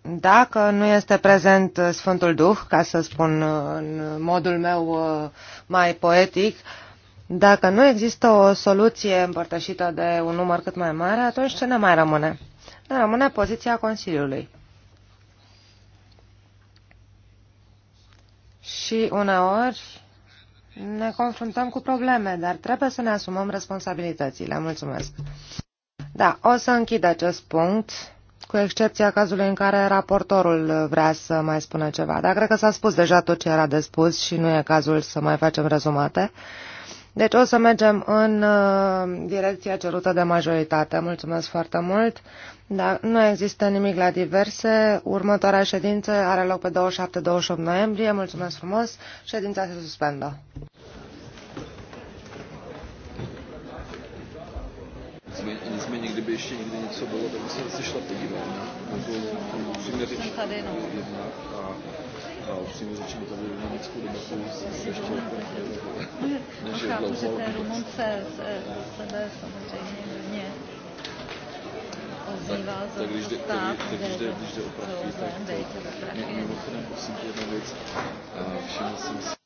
Speaker 5: Dacă nu este prezent Sfântul Duh, ca să spun în modul meu uh, mai poetic, dacă nu există o soluție împărtășită de un număr cât mai mare, atunci ce ne mai rămâne? rămâne poziția Consiliului. Și uneori ne confruntăm cu probleme, dar trebuie să ne asumăm responsabilitățile. Mulțumesc. Da, o să închid acest punct, cu excepția cazului în care raportorul vrea să mai spună ceva. Dar cred că s-a spus deja tot ce era de spus și nu e cazul să mai facem rezumate. Deci o să mergem în uh, direcția cerută de majoritate. Mulțumesc foarte mult. Da, nu există nimic la diverse. Următoarea ședință are loc pe 27-28 noiembrie. Mulțumesc frumos. Ședința se suspendă.
Speaker 1: Nicméně, kdyby ještě nu něco bylo, tak by se nu podívat. Jako upřímně řečeno, a, a upřímně Nu tady německou debatu jsem se Nu než je dlouho. Chápu, že Nu Rumunce
Speaker 5: sebe samozřejmě
Speaker 1: ozýval tak, tak, když jde, stát, tak, když, jde, když jde o prachy, tak to,
Speaker 3: mimochodem, prosím tě, jedna věc, všiml jsem si,